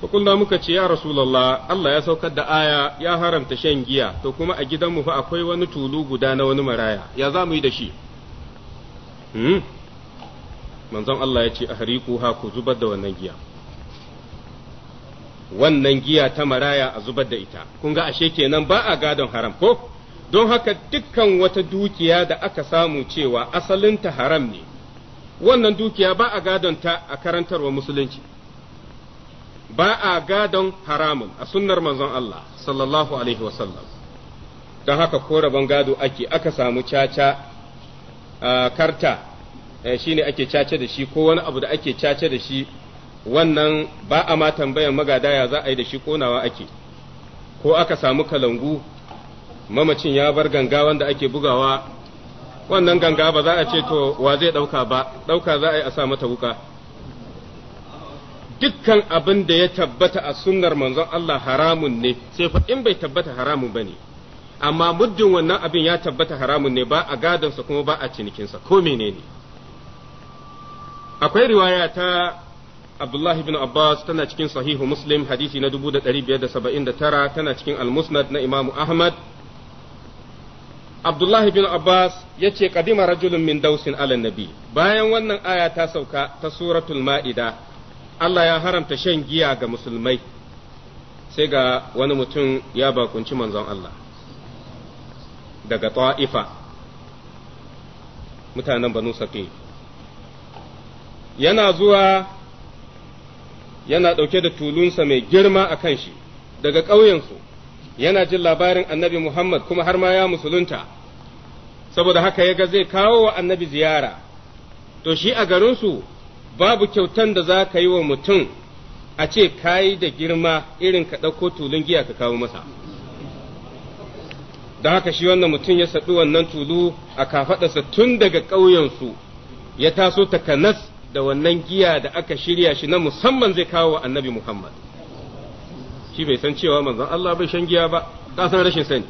fakulna muka ce ya rasulallah Allah ya saukar da aya ya haramta shan giya to kuma a mu fa akwai wani tulu guda na wani maraya ya za mu yi da shi manzon Allah ya ce a hariku ha ku zubar da wannan giya wannan giya ta maraya a zubar da ita kun ga ashe kenan ba a gadon haram ko don haka dukkan wata dukiya da aka samu cewa asalinta haram ne wannan dukiya ba a gadon ta a karantarwa musulunci ba a gadon haramun a sunnar manzon Allah sallallahu alaihi wasallam don haka ko rabon gado ake aka samu caca karta Eh, shine ake cace da shi ko wani abu da ake cace da shi wannan ba a ma tambayan magada ya za a yi da shi konawa ake ko aka samu kalangu mamacin ya bar ganga wanda ake bugawa wannan ganga ba za a ce to wa zai ɗauka ba ɗauka za a yi a sa mata wuka dukkan abin da ya tabbata a sunnar manzon Allah haramun ne sai fa in bai tabbata haramun ba ne amma muddin wannan abin ya tabbata haramun ne ba a sa kuma ba a cinikinsa ko menene akwai riwaya ta Abdullah ibn Abbas tana cikin sahihu Muslim hadisi na tara tana cikin al na Imam Ahmad Abdullahi bin Abbas ya ce kadima rajulun min dausin ala nabi bayan wannan aya ta sauka ta suratul Allah ya haramta shan giya ga musulmai sai ga wani mutum ya bakunci manzon Allah daga ta'ifa mutanen banu saƙi yana zuwa yana ɗauke da tulunsa mai girma a kan shi daga ƙauyensu yana jin labarin annabi Muhammad kuma har ma ya musulunta saboda haka ya ga zai kawo wa annabi ziyara to shi a garinsu babu kyautan da za ka yi wa mutum a ce kayi da girma irin ka ɗauko tulun giya ka kawo masa Da haka shi wannan mutum ya saɗi wannan tulu a kafaɗarsa tun daga ƙauyensu ya taso takanas da wannan giya da aka shirya shi na musamman zai kawo wa annabi Muhammad shi bai san cewa manzon Allah bai shan giya ba ka san rashin sani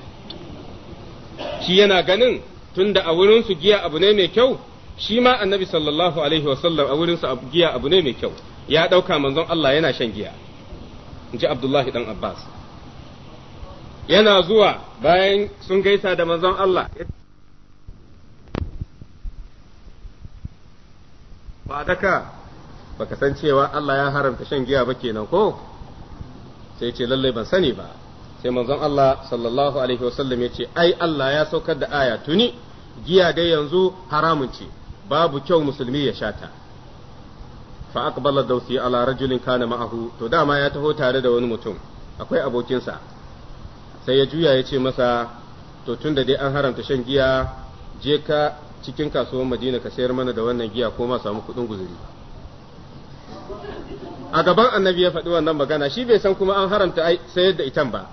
shi yana ganin tunda a wurin su giya abu ne mai kyau shi ma annabi sallallahu alaihi wasallam a wurin su giya abu ne mai kyau ya dauka manzon Allah yana shan giya in ji Abdullahi dan Abbas yana zuwa bayan sun gaisa da manzon Allah ba daka baka san cewa Allah ya haramta shan giya ba kenan ko sai ce lallai ban sani ba sai manzon Allah sallallahu alaihi wasallam ya ce ai Allah ya saukar da aya tuni giya dai yanzu haramun ce babu kyau musulmi ya sha ta. fa aqbala dawsi ala rajulin kana ma'ahu to dama ya taho tare da wani mutum akwai abokinsa sai ya juya ya ce masa to tunda dai an haramta shan giya je ka cikin kasuwar madina ka sayar mana da wannan giya ko ma samu kuɗin guzuri a gaban annabi ya faɗi wannan magana shi bai san kuma an haramta sayar da itan ba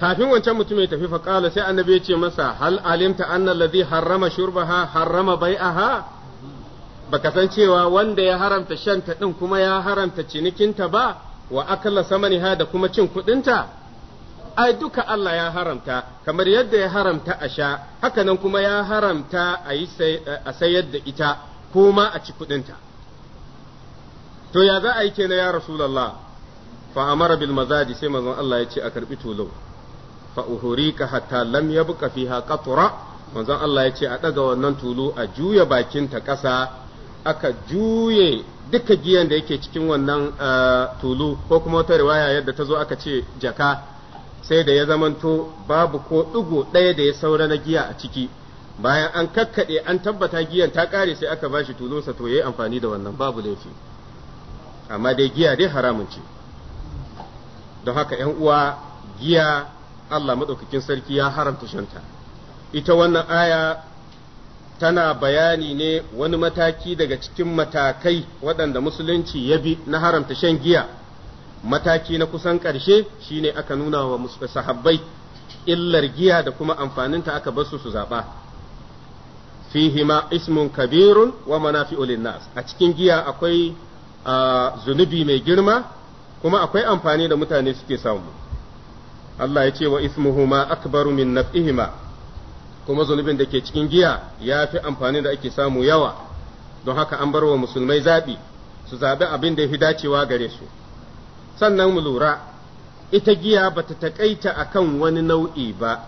kafin wancan mutum ya tafi faƙala sai annabi ya ce masa hal alimta anna allazi harrama shurbaha harrama bai'aha baka san cewa wanda ya haramta shanta ɗin kuma ya haramta cinikinta ba wa akalla samaniha da kuma cin kuɗinta ai duka Allah ya haramta kamar yadda ya haramta a sha hakanan kuma ya haramta a sayar da ita ko ma a ci kudinta to ya za a yi kenan ya rasulullah fa amara bil mazaji sai manzon Allah ya ce a karbi tulo fa uhurika hatta lam yabqa fiha qatra manzon Allah ya ce a daga wannan tulu a juya bakinta ƙasa aka juye duka giyan da yake cikin wannan eh, tulu ko kuma wata riwaya yadda ta zo aka ce jaka sai da ya zamanto babu ko ɗigo ɗaya da ya saura na giya a ciki bayan an kakkaɗe an tabbata giyan ta ƙare sai aka bashi tulunsa to yi amfani da wannan babu laifi amma dai giya dai haramun ce don haka ‘yan uwa giya Allah maɗaukakin sarki ya haramta shanta ita wannan aya tana bayani ne wani mataki daga cikin matakai waɗanda musulunci ya bi na haramta shan giya mataki na kusan ƙarshe shine aka nuna wa sahabbai illar giya da kuma amfaninta aka bar su su zaɓa ma ismun kabirun wa manafi'u nas a cikin giya akwai zunubi mai girma kuma akwai amfani da mutane suke samu Allah ya ce wa ismuhuma akbaru min naf'ihima kuma zunubin da ke cikin giya ya fi amfani da ake samu yawa don haka an bar wa musulmai zaɓi su zaɓi abin da ya fi dacewa gare su sannan mu lura ita giya bata takaita akan wani nau'i ba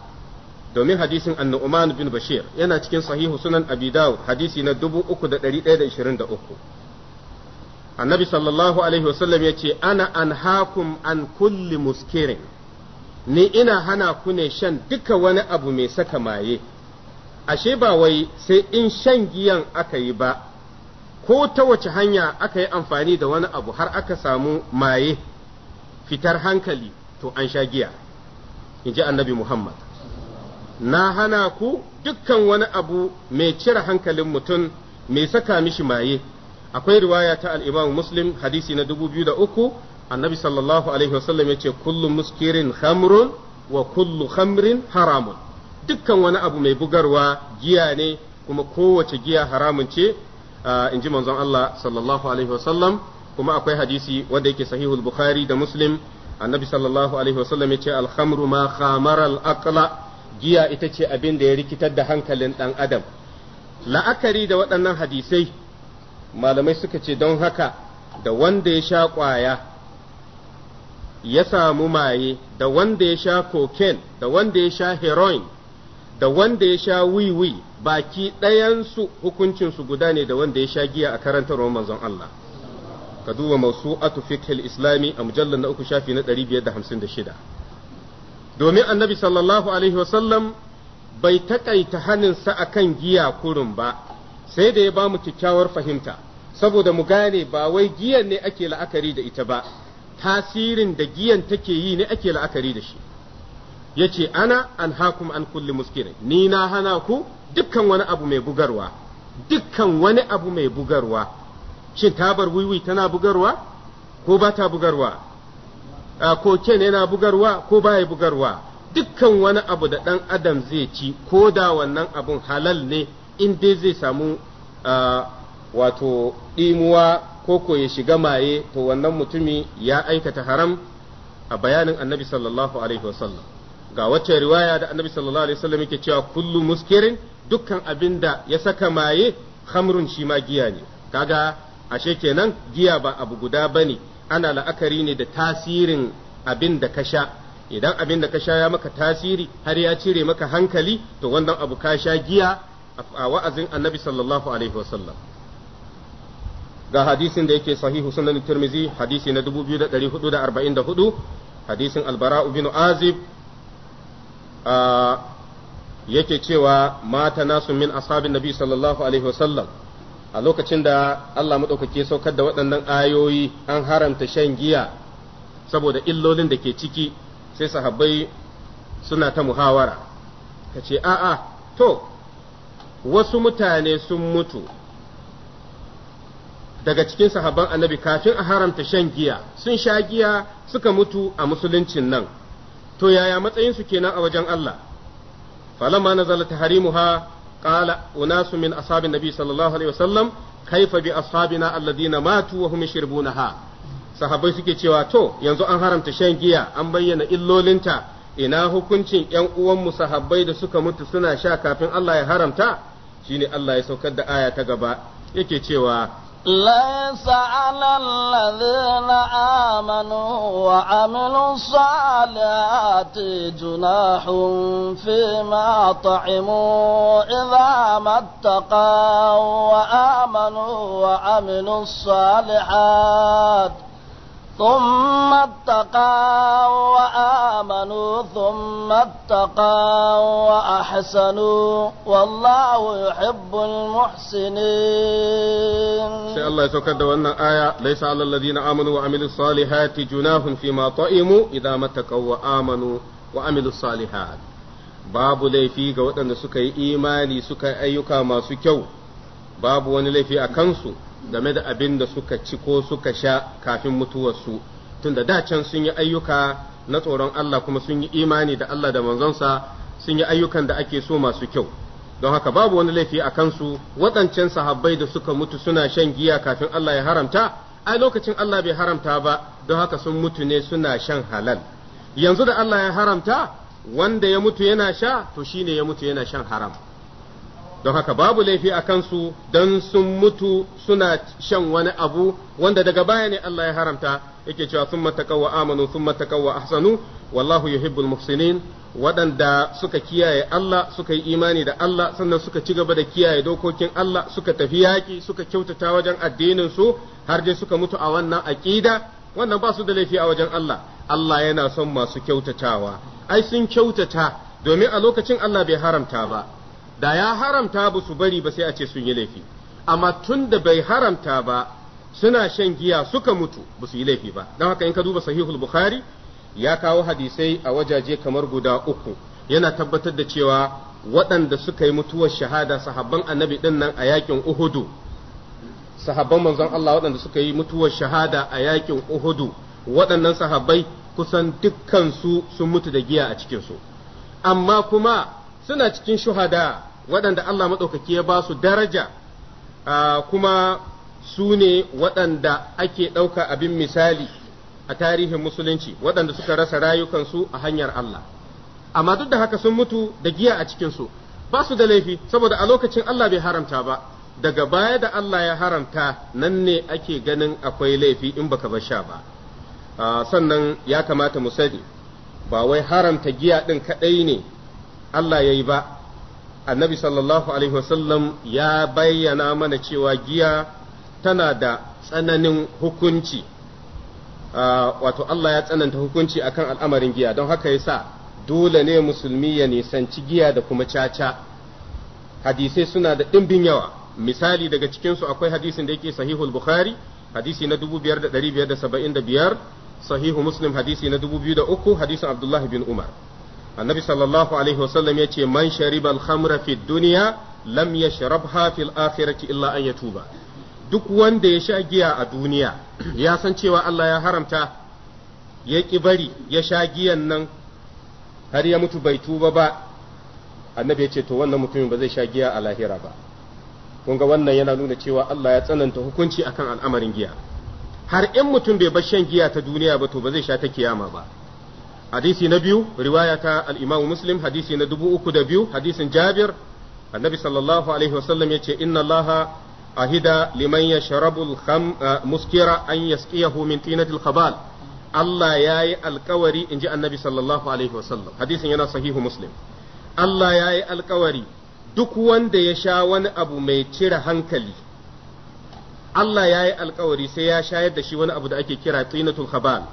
domin hadisin annu'man bin bashir yana cikin sahihu sunan abi dawud hadisi na 3123 annabi sallallahu alaihi wasallam ya ce ana anhakum an kulli muskirin ni ina hana ku ne shan duka wani abu mai saka maye ashe ba wai sai in shan giyan aka yi ba ko ta wace hanya aka yi amfani da wani abu har aka samu maye fitar hankali to an sha giya in ji annabi Muhammad na hana ku dukkan wani abu mai cire hankalin mutum mai saka mishi maye akwai riwaya ta al Muslim hadisi na 2003 annabi sallallahu alaihi wasallam ce kullum muskirin khamrun wa kullu khamrin haramun dukkan wani abu mai bugarwa giya ne kuma kowace giya haramun ce ah, in ji manzon Allah sallallahu alaihi wasallam kuma akwai hadisi wanda yake sahihul bukhari da muslim annabi sallallahu alaihi wasallam yace al-khamru ma khamara al-aqla giya ita ce abin da ya rikitar da hankalin dan adam la'akari da waɗannan hadisai malamai suka ce don haka da wanda ya sha kwaya ya samu maye da wanda ya sha cocaine da wanda ya sha heroin da wanda ya sha wiwi baki ɗayansu hukuncinsu guda ne da wanda ya sha giya a karantarwar manzon Allah ka duba masu fiqh islami a mujallar na uku shafi na 556 domin annabi sallallahu alaihi wasallam bai takaita a kan giya kurun ba sai da ya ba mu kyakkyawar fahimta saboda mu gane ba wai giyan ne ake la'akari da ita ba tasirin da giyan take yi ne ake la'akari da shi Ya ce ana an hakum an kulli muskirin ni na hana ku dukkan wani abu mai bugarwa dukkan wani abu mai bugarwa shin tabar wiwi tana bugarwa ko ba ta bugarwa ko ken yana bugarwa ko ba ya bugarwa dukkan wani abu da ɗan adam zai ci ko da wannan abun halal ne in dai zai samu wato ɗimuwa ko ko ya shiga maye to wannan mutumi ya aikata haram a bayanin annabi sallallahu alaihi wasallam ga wacce riwaya da annabi sallallahu alaihi wasallam yake cewa kullum muskirin dukkan abin da ya saka maye khamrun shi ma giya ne kaga ashe kenan giya ba abu guda bane ana la'akari ne da tasirin abin da ka sha idan abin da ka sha ya maka tasiri har ya cire maka hankali to wannan abu ka sha giya a wa'azin annabi sallallahu alaihi wasallam ga hadisin da yake sahihu sunan tirmizi hadisi na 2444 hadisin albara bin azib yake cewa mata nasu min ashabin nabi sallallahu alaihi wasallam a lokacin da Allah maɗaukaki saukar da waɗannan ayoyi an haramta shan giya saboda illolin da ke ciki sai sahabbai suna ta muhawara ka ce a'a to wasu mutane sun mutu daga cikin sahabban annabi kafin a haramta shan giya sun sha giya suka mutu a musuluncin nan to yaya matsayinsu kenan a wajen Allah falama harimu ha. قال unasu min ashabin النبي sallallahu alaihi عليه kaifa bi ashabina alladina matu wa hum yushribunaha sahabbai suke cewa to yanzu an haramta shan giya an bayyana illolinta ina hukuncin yan uwanmu sahabbai da suka mutu suna sha kafin Allah ya haramta shine Allah ya saukar da aya ta gaba yake cewa ليس على الذين آمنوا وعملوا الصالحات جناح فيما طعموا إذا ما اتقوا وآمنوا وعملوا الصالحات ۖ ثم اتقوا وآمنوا ثم اتقوا وأحسنوا والله يحب المحسنين شاء الله يتوكد وأن آية ليس على الذين آمنوا وعملوا الصالحات جناه فيما طئموا إذا ما اتقوا وآمنوا وعملوا الصالحات باب ليفي قوة أن سكي إيماني سكي أيك ما سكيو باب ونليفي أكنسو game da abin da suka ci ko suka sha kafin mutuwarsu tun da can sun yi ayyuka na tsoron Allah kuma sun yi imani da Allah da manzonsa sun yi ayyukan da ake so masu kyau don haka babu wani laifi a kansu waɗancan sahabbai da suka mutu suna shan giya kafin Allah ya haramta ai lokacin Allah bai haramta ba don haka sun mutu ne suna shan halal yanzu da Allah ya haramta wanda ya mutu yana sha to shine ya mutu yana shan haram don haka babu laifi a kansu don sun mutu suna shan wani abu wanda daga baya ne Allah ya haramta yake cewa sun matakawa amanu sun matakawa ahsanu wallahu yuhibbul muhsinin waɗanda suka kiyaye Allah suka yi imani da Allah sannan suka ci gaba da kiyaye dokokin Allah suka tafi yaƙi suka kyautata wajen addinin su har dai suka mutu a wannan aƙida wannan ba su da laifi a wajen Allah Allah yana son masu kyautatawa ai sun kyautata domin a lokacin Allah bai haramta ba da ya haramta ba su bari ba sai a ce sun yi laifi amma tun da bai haramta ba suna shan giya suka mutu ba su yi laifi ba don haka in ka duba sahihul bukhari ya kawo hadisai a wajaje kamar guda uku yana tabbatar da cewa waɗanda suka yi mutuwar shahada sahabban annabi din nan a yakin uhudu sahabban manzon Allah waɗanda suka yi mutuwar shahada a yakin uhudu waɗannan sahabbai kusan dukkansu sun mutu da giya a cikinsu amma kuma suna cikin shuhada waɗanda Allah maɗaukaki ya ba su daraja kuma su ne waɗanda ake ɗauka abin misali a tarihin musulunci waɗanda suka rasa rayukansu a hanyar Allah amma duk da haka sun mutu da giya a cikinsu ba su da laifi saboda a lokacin Allah bai haramta ba daga baya da Allah ya haramta nan ne ake ganin akwai laifi in baka ba sha ba sannan ya kamata mu sani ba wai haramta giya ɗin kaɗai ne Allah ya yi ba annabi sallallahu alaihi wasallam ya bayyana mana cewa giya tana da tsananin hukunci ah, wato Allah ya tsananta hukunci akan al'amarin giya don haka yasa dole ne musulmi ya nisanci giya da kuma caca hadisai suna da ɗimbin yawa misali daga cikinsu akwai hadisin da yake sahihul bukhari hadisi na 2575 sahihu muslim hadisi na 2003 hadisin abdullahi bin umar annabi sallallahu alaihi wasallam ya ce man shariba al-khamra fi dunya lam yashrabha fil illa an duk wanda ya sha giya a duniya ya san cewa Allah ya haramta ya ki bari ya sha giyan nan har ya mutu bai tuba ba annabi ya ce to wannan mutumin ba zai sha giya a lahira ba kun ga wannan yana nuna cewa Allah ya tsananta hukunci akan al'amarin giya har in mutum bai bar shan giya ta duniya ba to ba zai sha ta kiyama ba hadisi na biyu riwayata ta al-Imam hadisi na dubu uku da biyu hadisin Jabir annabi sallallahu alaihi wasallam yace inna Allaha ahida liman yashrabu al-kham eh, muskira an yasqiyahu min tinati al-khabal annabi sallallahu alaihi wasallam hadisin yana sahihu Muslim Allah yayi alkawari duk wanda ya sha wani abu mai cire hankali Allah ya yi alkawari sai ya shayar da shi wani abu da ake kira tinatul khabal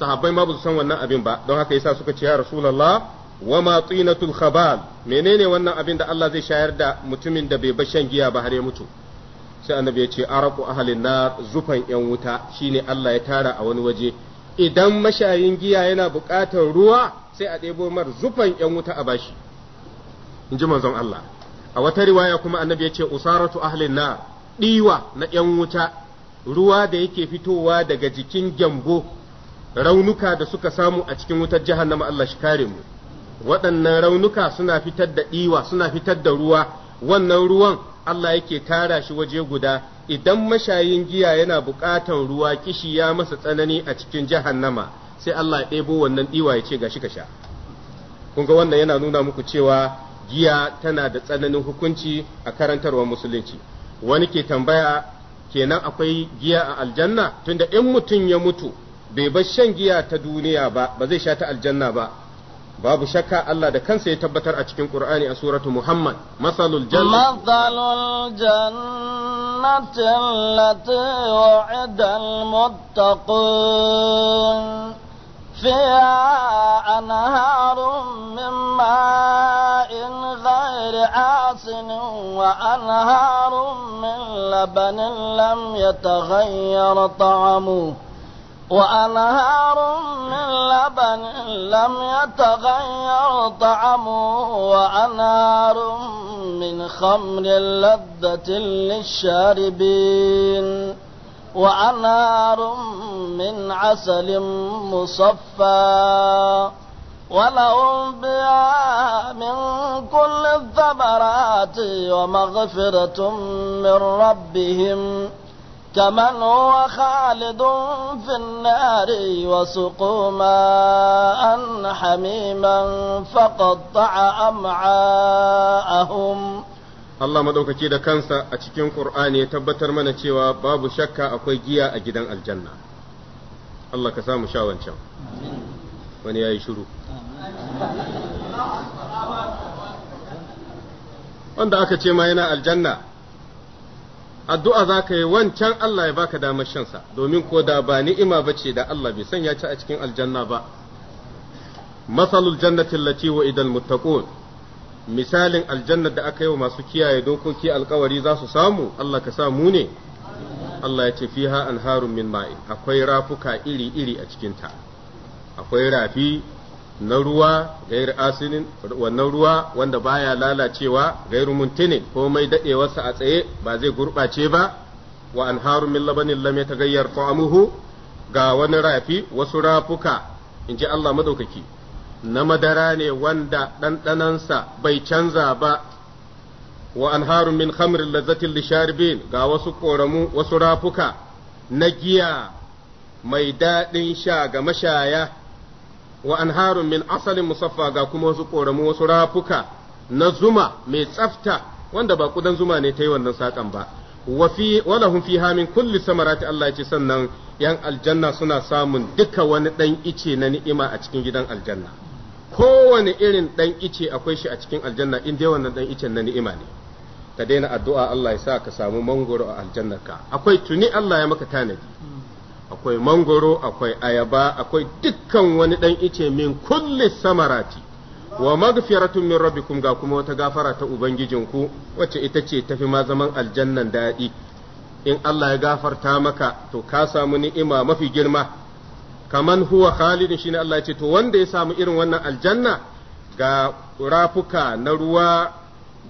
sahabbai ma ba su san wannan abin ba don haka yasa suka ce ya rasulullah wa ma tinatul khabal menene wannan abin da Allah zai shayar da mutumin da bai shan giya ba har ya mutu sai annabi ya ce araqu ahalin nar zufan yan wuta shine Allah ya tara a wani waje idan mashayin giya yana buƙatar ruwa sai a ɗebo mar zufan yan wuta a bashi in ji manzon Allah a wata riwaya kuma annabi ya ce usaratu ahli nar diwa na yan wuta ruwa da yake fitowa daga jikin gyambo raunuka da suka samu a cikin wutar jahannama Allah shi kare mu waɗannan raunuka suna fitar da ɗiwa suna fitar da ruwa wannan ruwan Allah yake tara shi waje guda idan mashayin giya yana buƙatan ruwa kishi ya masa tsanani a cikin jahannama sai Allah ya ɗebo wannan ɗiwa ya ce gashi ka sha kun ga wannan yana nuna muku cewa giya tana da tsananin hukunci a karantarwar musulunci wani ke tambaya kenan akwai giya a aljanna tunda in mutum ya mutu bai bar shan giya ta duniya ba ba zai sha ta aljanna ba babu shakka Allah da kansa ya tabbatar a cikin Qur'ani a suratu Muhammad masalul janna masalul jannati allati wa'ada al-muttaqun فيها أنهار من ماء غير آسن وأنهار من لبن لم يتغير طعمه وأنهار من لبن لم يتغير طعمه وأنهار من خمر لذة للشاربين وأنهار من عسل مصفى ولهم بها من كل الثمرات ومغفرة من ربهم ۖ كمن هو خالد في النار وسقوا ماء حميما فقطع أمعاءهم Allah madaukaki da kansa a cikin ƙur'ani ya tabbatar mana cewa babu shakka akwai giya a gidan aljanna. Allah ka samu sha wancan. Wani yayi shiru. Wanda aka ce ma yana aljanna addu'a za ka yi wancan Allah ya baka damar shansa domin ko da ba ni'ima ba ce da Allah bai sanya ci a cikin aljanna ba masalul jannatin lati wa idan muttaqun misalin aljannar da aka yi wa masu kiyaye dokoki alkawari za su samu Allah ka sa mu ne Allah ya ce fiha harun min ma'i akwai rafuka iri-iri a cikinta akwai rafi na ruwa gair asinin wannan ruwa wanda baya lalacewa gairu ko komai dadewarsa a tsaye ba zai gurɓace ba wa anharu min labanin lam yataghayyar ga wani rafi wasu rafuka in ji Allah madaukaki na madara ne wanda ɗanɗanansa bai canza ba wa anharu min khamrin lazzatin lisharibin ga wasu koramu wasu rafuka na giya mai daɗin sha ga mashaya wa anharun min asalin musaffa ga kuma wasu koramu wasu rafuka na zuma mai tsafta wanda ba kudan zuma ne ta yi wannan saƙan ba wa fi hamin kulli samarati Allah ya ce sannan yan aljanna suna samun duka wani dan ice na ni'ima a cikin gidan aljanna kowane irin dan ice akwai shi a cikin aljanna in dai wannan dan icen na ni'ima ne ka daina addu'a Allah ya sa ka samu mangoro a aljannarka akwai tuni Allah ya maka tanadi akwai mangoro akwai ayaba akwai dukkan wani dan ice min kulli samarati wa magfiratun min rabbikum ga kuma wata gafara ta ubangijin ku wacce ita ce tafi ma zaman aljannan daɗi in Allah ya gafarta maka to ka samu ni'ima mafi girma kaman huwa khalidin shine Allah ya ce to wanda ya samu irin wannan aljanna ga rafuka na ruwa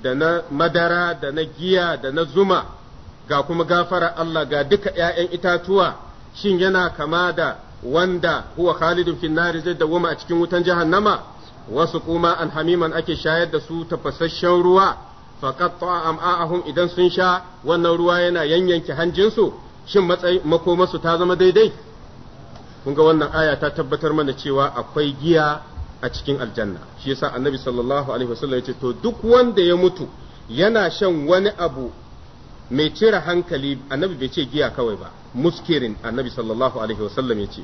da na madara da na giya da na zuma ga kuma gafara Allah ga duka ‘ya'yan itatuwa shin yana kama da wanda huwa khalidun fi nari zai dawwama a cikin wutan jahannama wasu kuma an ake shayar da su tafasasshen ruwa faqat am'a'ahum idan sun sha wannan ruwa yana yanyanke hanjinsu shin matsayi makomarsu ta zama daidai kun ga wannan aya ta tabbatar mana cewa akwai giya a cikin aljanna shi yasa annabi sallallahu alaihi wasallam ya ce to duk wanda ya mutu yana shan wani abu mai cire hankali annabi bai ce giya kawai ba muskirin annabi sallallahu alaihi wasallam ya ce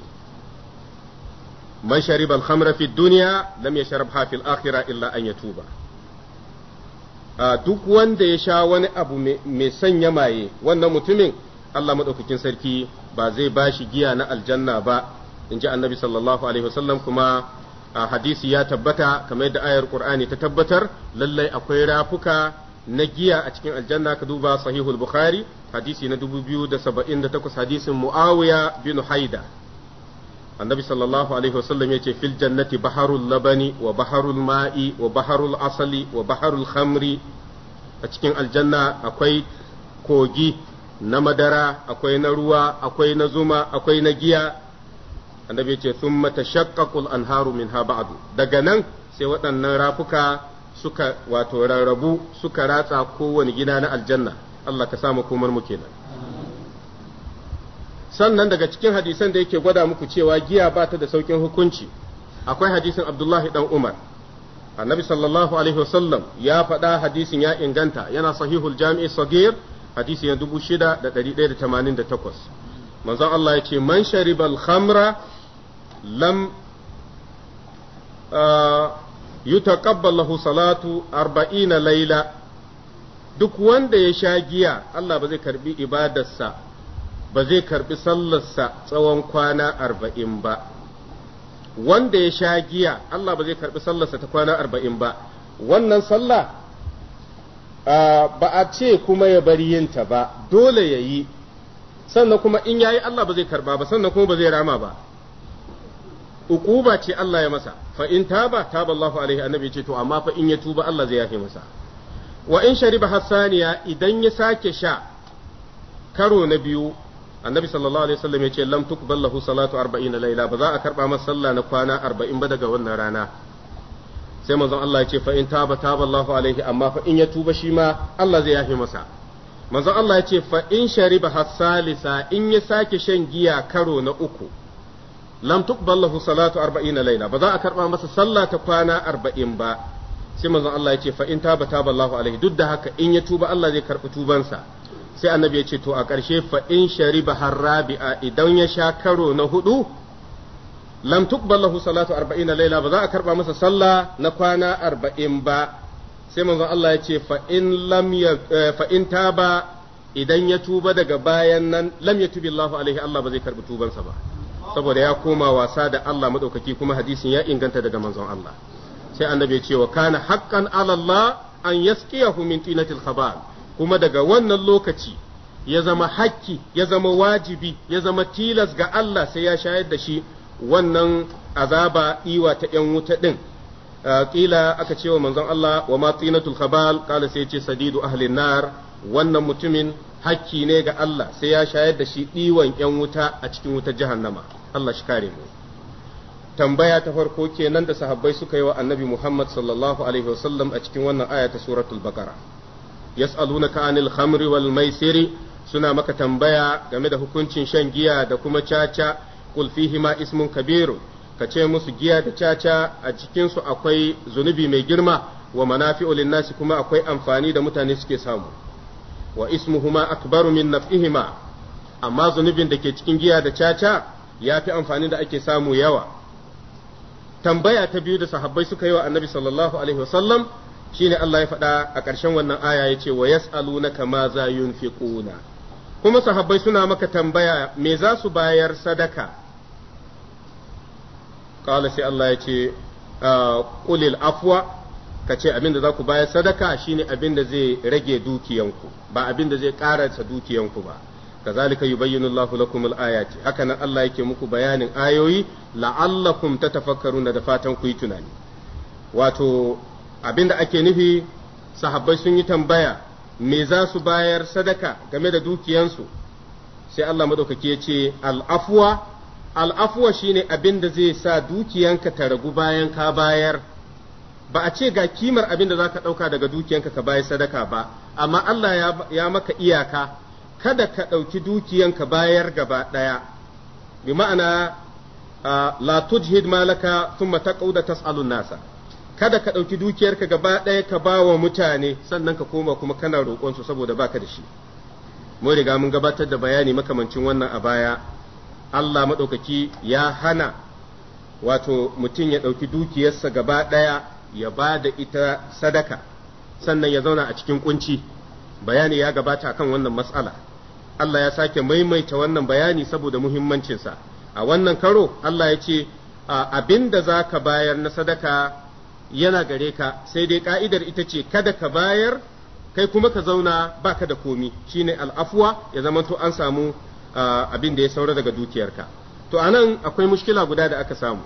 man shariba al-khamra fi dunya lam yashrabha fil akhirah illa an yatuba duk wanda ya sha wani abu mai sanya maye wannan mutumin Allah madaukakin sarki ba zai bashi giya na aljanna ba inji annabi sallallahu alaihi wasallam kuma hadisi ya tabbata kamar yadda ayar qur'ani ta tabbatar lallai akwai rafuka na giya a cikin aljanna ka duba sahihul bukhari hadisi na 2078 hadisin muawiya bin haida annabi sallallahu alaihi wasallam yace fil jannati baharul labani wa baharul ma'i wa baharul asali wa baharul khamri a cikin aljanna akwai kogi na madara akwai na ruwa akwai na zuma akwai na giya annabi sun thumma tashaqqaqul anharu minha ba'du daga nan sai waɗannan rafuka suka wato rarrabu suka ratsa kowane gida na aljanna Allah ka samu komar mu kenan sannan daga cikin hadisan da yake gwada muku cewa giya ba ta da saukin hukunci akwai hadisin Abdullahi dan Umar annabi sallallahu alaihi wasallam ya faɗa hadisin ya inganta yana sahihul jami'i sagir hadisi da takwas manzon Allah ya ce man sharibal khamra lam uh, yutaqabbal lahu salatu 40 laila duk wanda ya sha giya Allah ba zai karbi ibadarsa ba zai karbi sallarsa tsawon kwana arba'in ba wanda ya sha giya Allah ba zai karbi sallarsa ta kwana arba'in ba wannan sallah ba a ce kuma ya bari yinta ba dole ya yi sannan kuma in yayi Allah ba zai karba ba sannan kuma ba zai rama ba ukuba ce Allah ya masa fa in taba taba Allahu alaihi annabi ce to amma fa in ya tuba Allah zai yafe masa wa in shariba hasaniya idan ya sake sha karo na biyu annabi sallallahu alaihi wasallam ya ce lam tuqbal lahu salatu 40 laila ba za a karba masa sallah na kwana 40 ba daga wannan rana sai manzon Allah ya ce fa in taba taba Allahu alaihi amma fa in ya tuba shi ma Allah zai yafe masa manzon Allah ya ce fa in shariba hasalisa in ya sake shan giya karo na uku lam tuqbal lahu salatu 40 laila ba za a karba masa sallah ta kwana 40 ba sai manzon Allah ya ce fa in taba taba Allahu alaihi duk da haka in ya tuba Allah zai karbi tubansa sai annabi ya ce to a ƙarshe fa in shariba harabi'a idan ya sha karo na hudu lam tuqbal lahu salatu 40 laila ba za a karba masa sallah na kwana 40 ba sai manzon Allah ya ce fa in lam eh, fa in taba idan ya tuba daga bayan nan lam yatubi Allahu alaihi Allah ba zai karbi tubansa ba saboda ya koma wasa da Allah madaukaki kuma hadisin ya inganta daga manzon Allah sai annabi ya ce wa kana haqqan ala Allah an yasqiyahu min tinatil khabar kuma daga wannan lokaci ya zama hakki ya zama wajibi ya zama tilas ga Allah sai ya shayar da shi wannan azaba iwa ta yan wuta din kila aka ce wa manzon Allah wa ma tinatul khabal kala sai ya ce sadidu ahlin nar wannan mutumin hakki ne ga Allah sai ya shayar da shi ɗiwon ‘yan wuta a cikin wutar jahannama Allah shi kare mu tambaya ta farko kenan da sahabbai suka yi wa annabi Muhammad sallallahu alaihi wasallam a cikin wannan aya ta suratul baqara yas'alunaka anil khamri wal maisiri suna maka tambaya game da hukuncin shan giya da kuma caca qul fihi ma ismun kabiru ka ce musu giya da caca a cikin su akwai zunubi mai girma wa manafi'u lin kuma akwai amfani da mutane suke samu wa ismuhuma akbaru min naf'ihima amma zunubin da ke cikin giya da caca ya fi amfani da ake samu yawa tambaya ta biyu da sahabbai suka yi wa annabi sallallahu alaihi wasallam shine Allah ya faɗa a ƙarshen wannan aya ya ce wa yas'alunaka ma za yunfiquna kuma sahabbai suna maka tambaya me za su bayar sadaka qala sai Allah ya ce ah, qulil afwa ka ce abin da za ku bayar sadaka shine abin da zai rage dukiyanku ba abin da zai karasa dukiyanku ba kazalika yubayyinu Allah lakum al-ayati haka nan Allah yake muku bayanin ayoyi la'allakum tatafakkaruna da fatan ku yi tunani wato abin da ake nufi sahabbai sun yi tambaya me za su bayar sadaka game da dukiyansu sai Allah madaukaki ya ce al'afwa al'afwa shine abin da zai sa dukiyanka ta ragu bayan ka bayar ba a ce ga kimar abin da za ka ɗauka daga dukiyanka ka bayi sadaka ba amma Allah ya maka iyaka kada ka ɗauki dukiyanka bayar gaba ɗaya bi ma'ana la tujhid malaka matakau da tas'alun nasa kada ka ɗauki dukiyarka gaba ɗaya ka ba wa mutane sannan ka koma kuma kana roƙonsu saboda baka da shi mun riga mun gabatar da bayani makamancin wannan a baya Allah maɗaukaki ya hana wato mutum ya ɗauki dukiyarsa gaba ɗaya ya ba da ita sadaka sannan ya zauna a cikin kunci bayani ya gabata kan wannan matsala Allah ya sake maimaita wannan bayani saboda muhimmancinsa a wannan karo Allah ya ce abin da za ka bayar na sadaka yana gare ka sai dai ka'idar ita ce kada ka bayar kai kuma ka zauna baka da komi shine al'afuwa ya zama to an samu abin ya saura daga dukiyarka to anan akwai mushkila guda da aka samu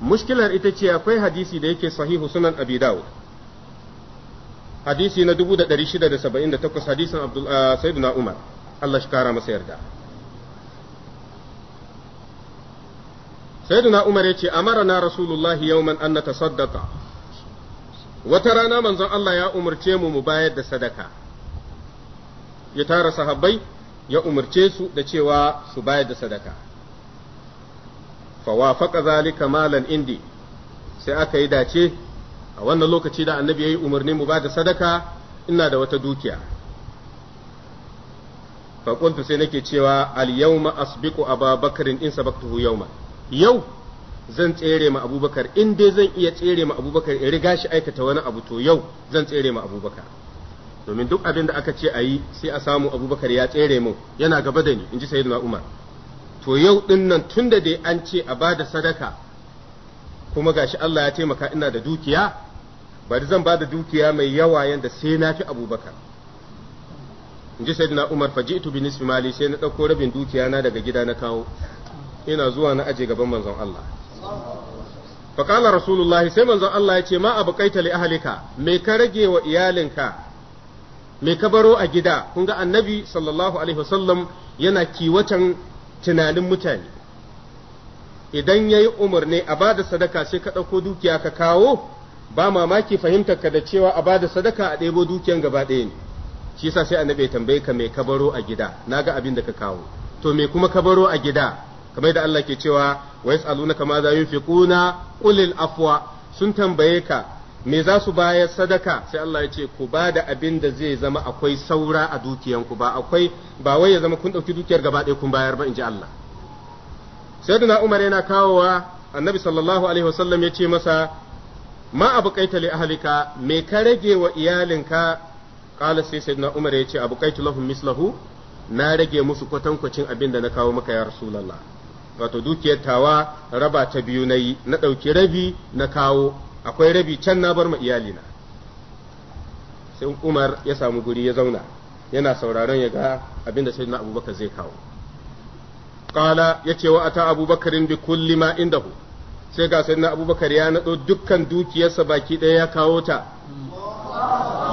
mushkilar ita ce akwai hadisi da yake sahihu sunan abi dawud hadisi na 1678 hadisin abdul ah, sayyidina umar Allah shi kara masa yarda sayyidina umar yace amarna rasulullahi yawman an natasaddaqa wata rana manzon Allah ya umarce mu mu bayar da sadaka ya tara sahabbai ya umarce su da cewa su bayar da sadaka fa wafaqa zalika malan indi sai aka yi dace a wannan lokaci da annabi yayi umarni mu bada sadaka ina da wata dukiya fa sai nake cewa al yawma asbiqu ababakarin in sabaqtuhu yawma yau zan tsere ma abubakar in dai zan iya tsere ma abubakar in riga shi aikata wani abu to yau zan tsere ma abubakar domin duk abin da aka ce a yi sai a samu abubakar ya tsere mu yana gaba da ni in ji sayyidina umar to yau din nan tun da dai an ce a bada sadaka kuma gashi Allah ya taimaka ina da dukiya bari zan bada dukiya mai yawa yanda sai na fi abubakar in ji sayyidina umar ito bi nisfi mali sai na ɗauko rabin dukiya na daga gida na kawo ina zuwa na aje gaban manzon Allah faƙalar rasulullah sai manzon Allah ya ce ma abu kaita li ahalika me ka rage wa iyalinka me ka baro a gida kun ga annabi sallallahu alaihi wasallam yana kiwatan tunanin mutane idan ya yi umarni a bada sadaka sai ka ɗauko dukiya ka kawo ba mamaki fahimtar ka da cewa a bada sadaka a ɗebo dukiyan gaba ɗaya ne shi yasa sai annabi ya tambaye ka me kabaro a gida na ga abin da ka kawo to me kuma ka baro a gida kamar da Allah ke cewa wa yasaluna kama za yunfiquna qulil afwa sun tambaye ka me za su bayar sadaka sai Allah ya ce ku ba da abin da zai zama akwai saura a dukiyanku ba akwai ba wai ya zama kun ɗauki dukiyar gaba ɗaya kun bayar ba in ji Allah sayyidina Umar yana kawowa annabi sallallahu alaihi wasallam ya ce masa ma abu kaita li ahlika me ka rage wa iyalinka qala sai sayyidina Umar ya ce abu kaitu lahum mislahu na rage musu kwatankwacin abin da na kawo maka ya rasulullah wato dukiyar tawa raba ta biyu na yi na ɗauki rabi na kawo akwai rabi can na bar ma iyalina sai umar ya samu guri ya zauna yana sauraron ya ga abin da sayyidina abubakar zai kawo qala yace wa ata abubakarin bi kulli ma indahu sai ga sayyidina abubakar ya nado dukkan dukiyarsa baki ɗaya ya kawo ta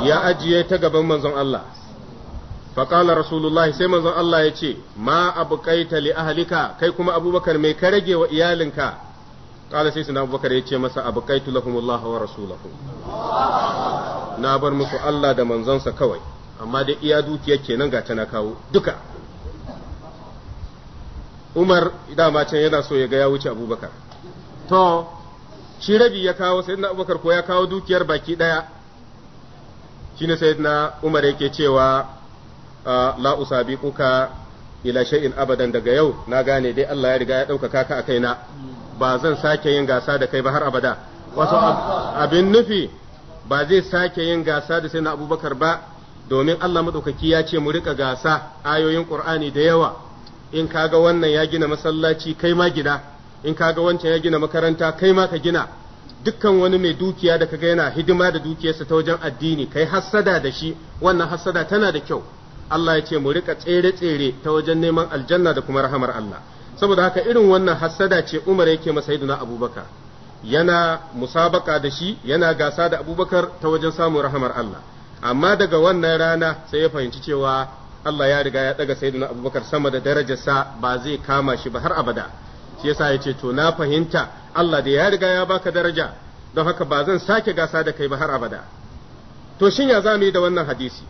ya ajiye ta gaban manzon Allah qala rasulullahi sai manzon Allah ya ce ma abqaita li ahalika kai kuma abubakar mai ka rage wa iyalinka qala sai sunan abubakar ya ce masa abu abqaitu lahumullah wa rasulahu na bar musu Allah da manzonsa kawai amma da iya dukiyar kenan ga tana kawo duka Umar dama can yana so ya gaya wuce Abubakar to shi rabi ya kawo sayyidina Abubakar ko ya kawo dukiyar baki ɗaya. daya shine sayyidina Umar ya ke cewa la usabiquka ila shay'in abadan daga yau na gane dai Allah ya riga ya ɗauka kaka a kaina ba zan sake yin gasa da kai ba har abada wasu abin nufi ba zai sake yin gasa da sayyidina abubakar ba domin Allah madaukaki ya ce mu rika gasa ayoyin qur'ani da yawa in kaga wannan ya gina masallaci kai ma gida in kaga wancan ya gina makaranta kai ma ka gina dukkan wani mai dukiya da kaga yana hidima da dukiyarsa ta wajen addini kai hassada da shi wannan hassada tana da kyau Allah ya ce mu rika tsere-tsere ta wajen neman aljanna da kuma rahamar Allah saboda haka irin wannan hassada ce Umar yake masa na Abubakar yana musabaka da shi yana gasa da Abubakar ta wajen samun rahamar Allah amma daga wannan rana sai ya fahimci cewa Allah ya riga ya daga Sayyidina Abubakar sama da darajarsa ba zai kama shi ba har abada shi yasa ya ce to na fahimta Allah da ya riga ya baka daraja don haka ba zan sake gasa da kai ba har abada to shin ya zamu yi da wannan hadisi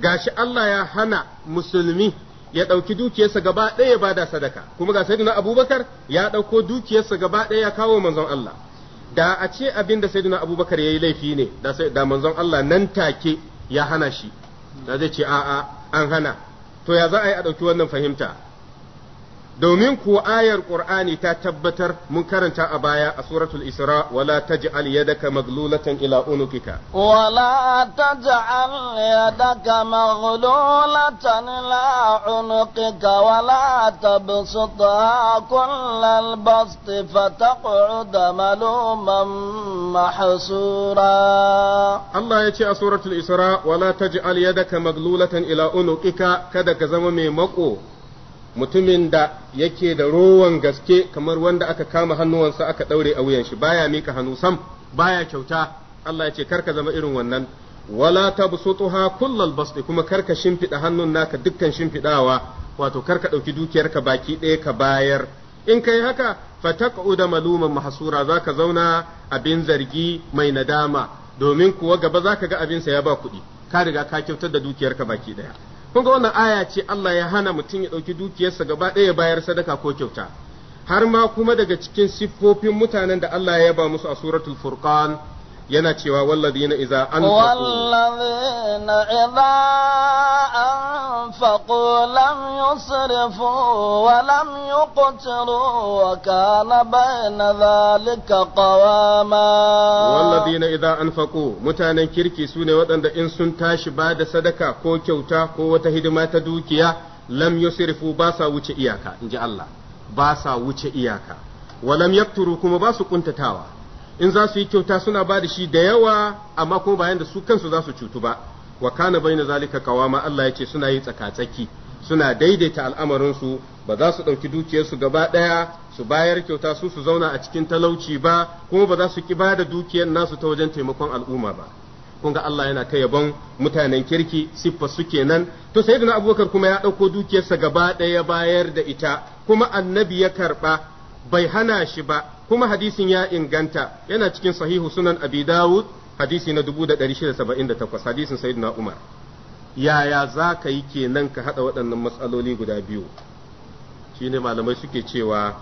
gashi Allah ya hana musulmi ya ɗauki dukiyarsa gaba ɗaya ya bada sadaka kuma ga sayyidina abubakar ya ɗauko dukiyarsa gaba ɗaya ya kawo manzon Allah da a ce abin da sayyidina abubakar ya yi laifi ne da manzon Allah nan take ya hana shi da zai ce a'a an hana to ya za a yi a ɗauki wannan fahimta domin kuwa ayar qur'ani ta tabbatar mun karanta a baya a suratul isra wala taj'al yadaka maglulatan ila unukika wala taj'al yadaka maglulatan ila unukika wala tabsutha kullal bast fataq'ud maluman mahsura Allah ya ce a suratul isra wala taj'al yadaka maglulatan ila unukika kada ka zama mai mako mutumin da yake da rowan gaske kamar wanda aka kama hannuwansa aka ɗaure a wuyan shi baya mika hannu sam baya kyauta Allah ya ce karka zama irin wannan wala tabsutuha kullal basti kuma karka shimfiɗa hannun naka dukkan shimfiɗawa wato karka ɗauki dukiyarka baki ɗaya ka bayar in kai haka fataq'uda maluman mahsura zaka zauna abin zargi mai nadama domin kuwa gaba zaka ga abin sa ya ba kuɗi ka riga ka kyautar da dukiyarka baki ɗaya kun ga wannan aya ce Allah ya hana mutum ya ɗauki dukiyarsa gaba ɗaya bayar sadaka ko kyauta har ma kuma daga cikin siffofin mutanen da Allah ya ba musu a suratul furqan yana cewa walladina idza anfaqu walladina idza anfaqu lam yusrifu wa lam yuqtiru wa kana bayna dhalika qawama walladina idza anfaqu mutanen kirki sune waɗanda in sun tashi ba da sadaka ko kyauta ko wata hidima ta dukiya lam yusrifu ba sa wuce iyaka inji Allah ba sa wuce iyaka wa lam kuma ba su kuntatawa in za su yi kyauta suna ba da shi da yawa amma kuma bayan da su kansu za su cutu ba wa kana baina zalika kawama Allah ya ce suna yi tsakatsaki suna daidaita al'amarinsu ba za su ɗauki dukiyarsu gaba ɗaya su bayar kyauta su su zauna a cikin talauci ba kuma ba za su ki bada dukiyar nasu ta wajen taimakon al'umma ba kun ga Allah yana ta yabon mutanen kirki siffa su kenan to sayyidina abubakar kuma ya ɗauko dukiyarsa gaba ɗaya bayar da ita kuma annabi ya karɓa bai hana shi ba kuma hadisin ya inganta yana cikin sahihu sunan abi dawud hadisi na 1678 hadisin sayyidina umar yaya za ka yi kenan ka haɗa waɗannan matsaloli guda biyu shi ne malamai suke cewa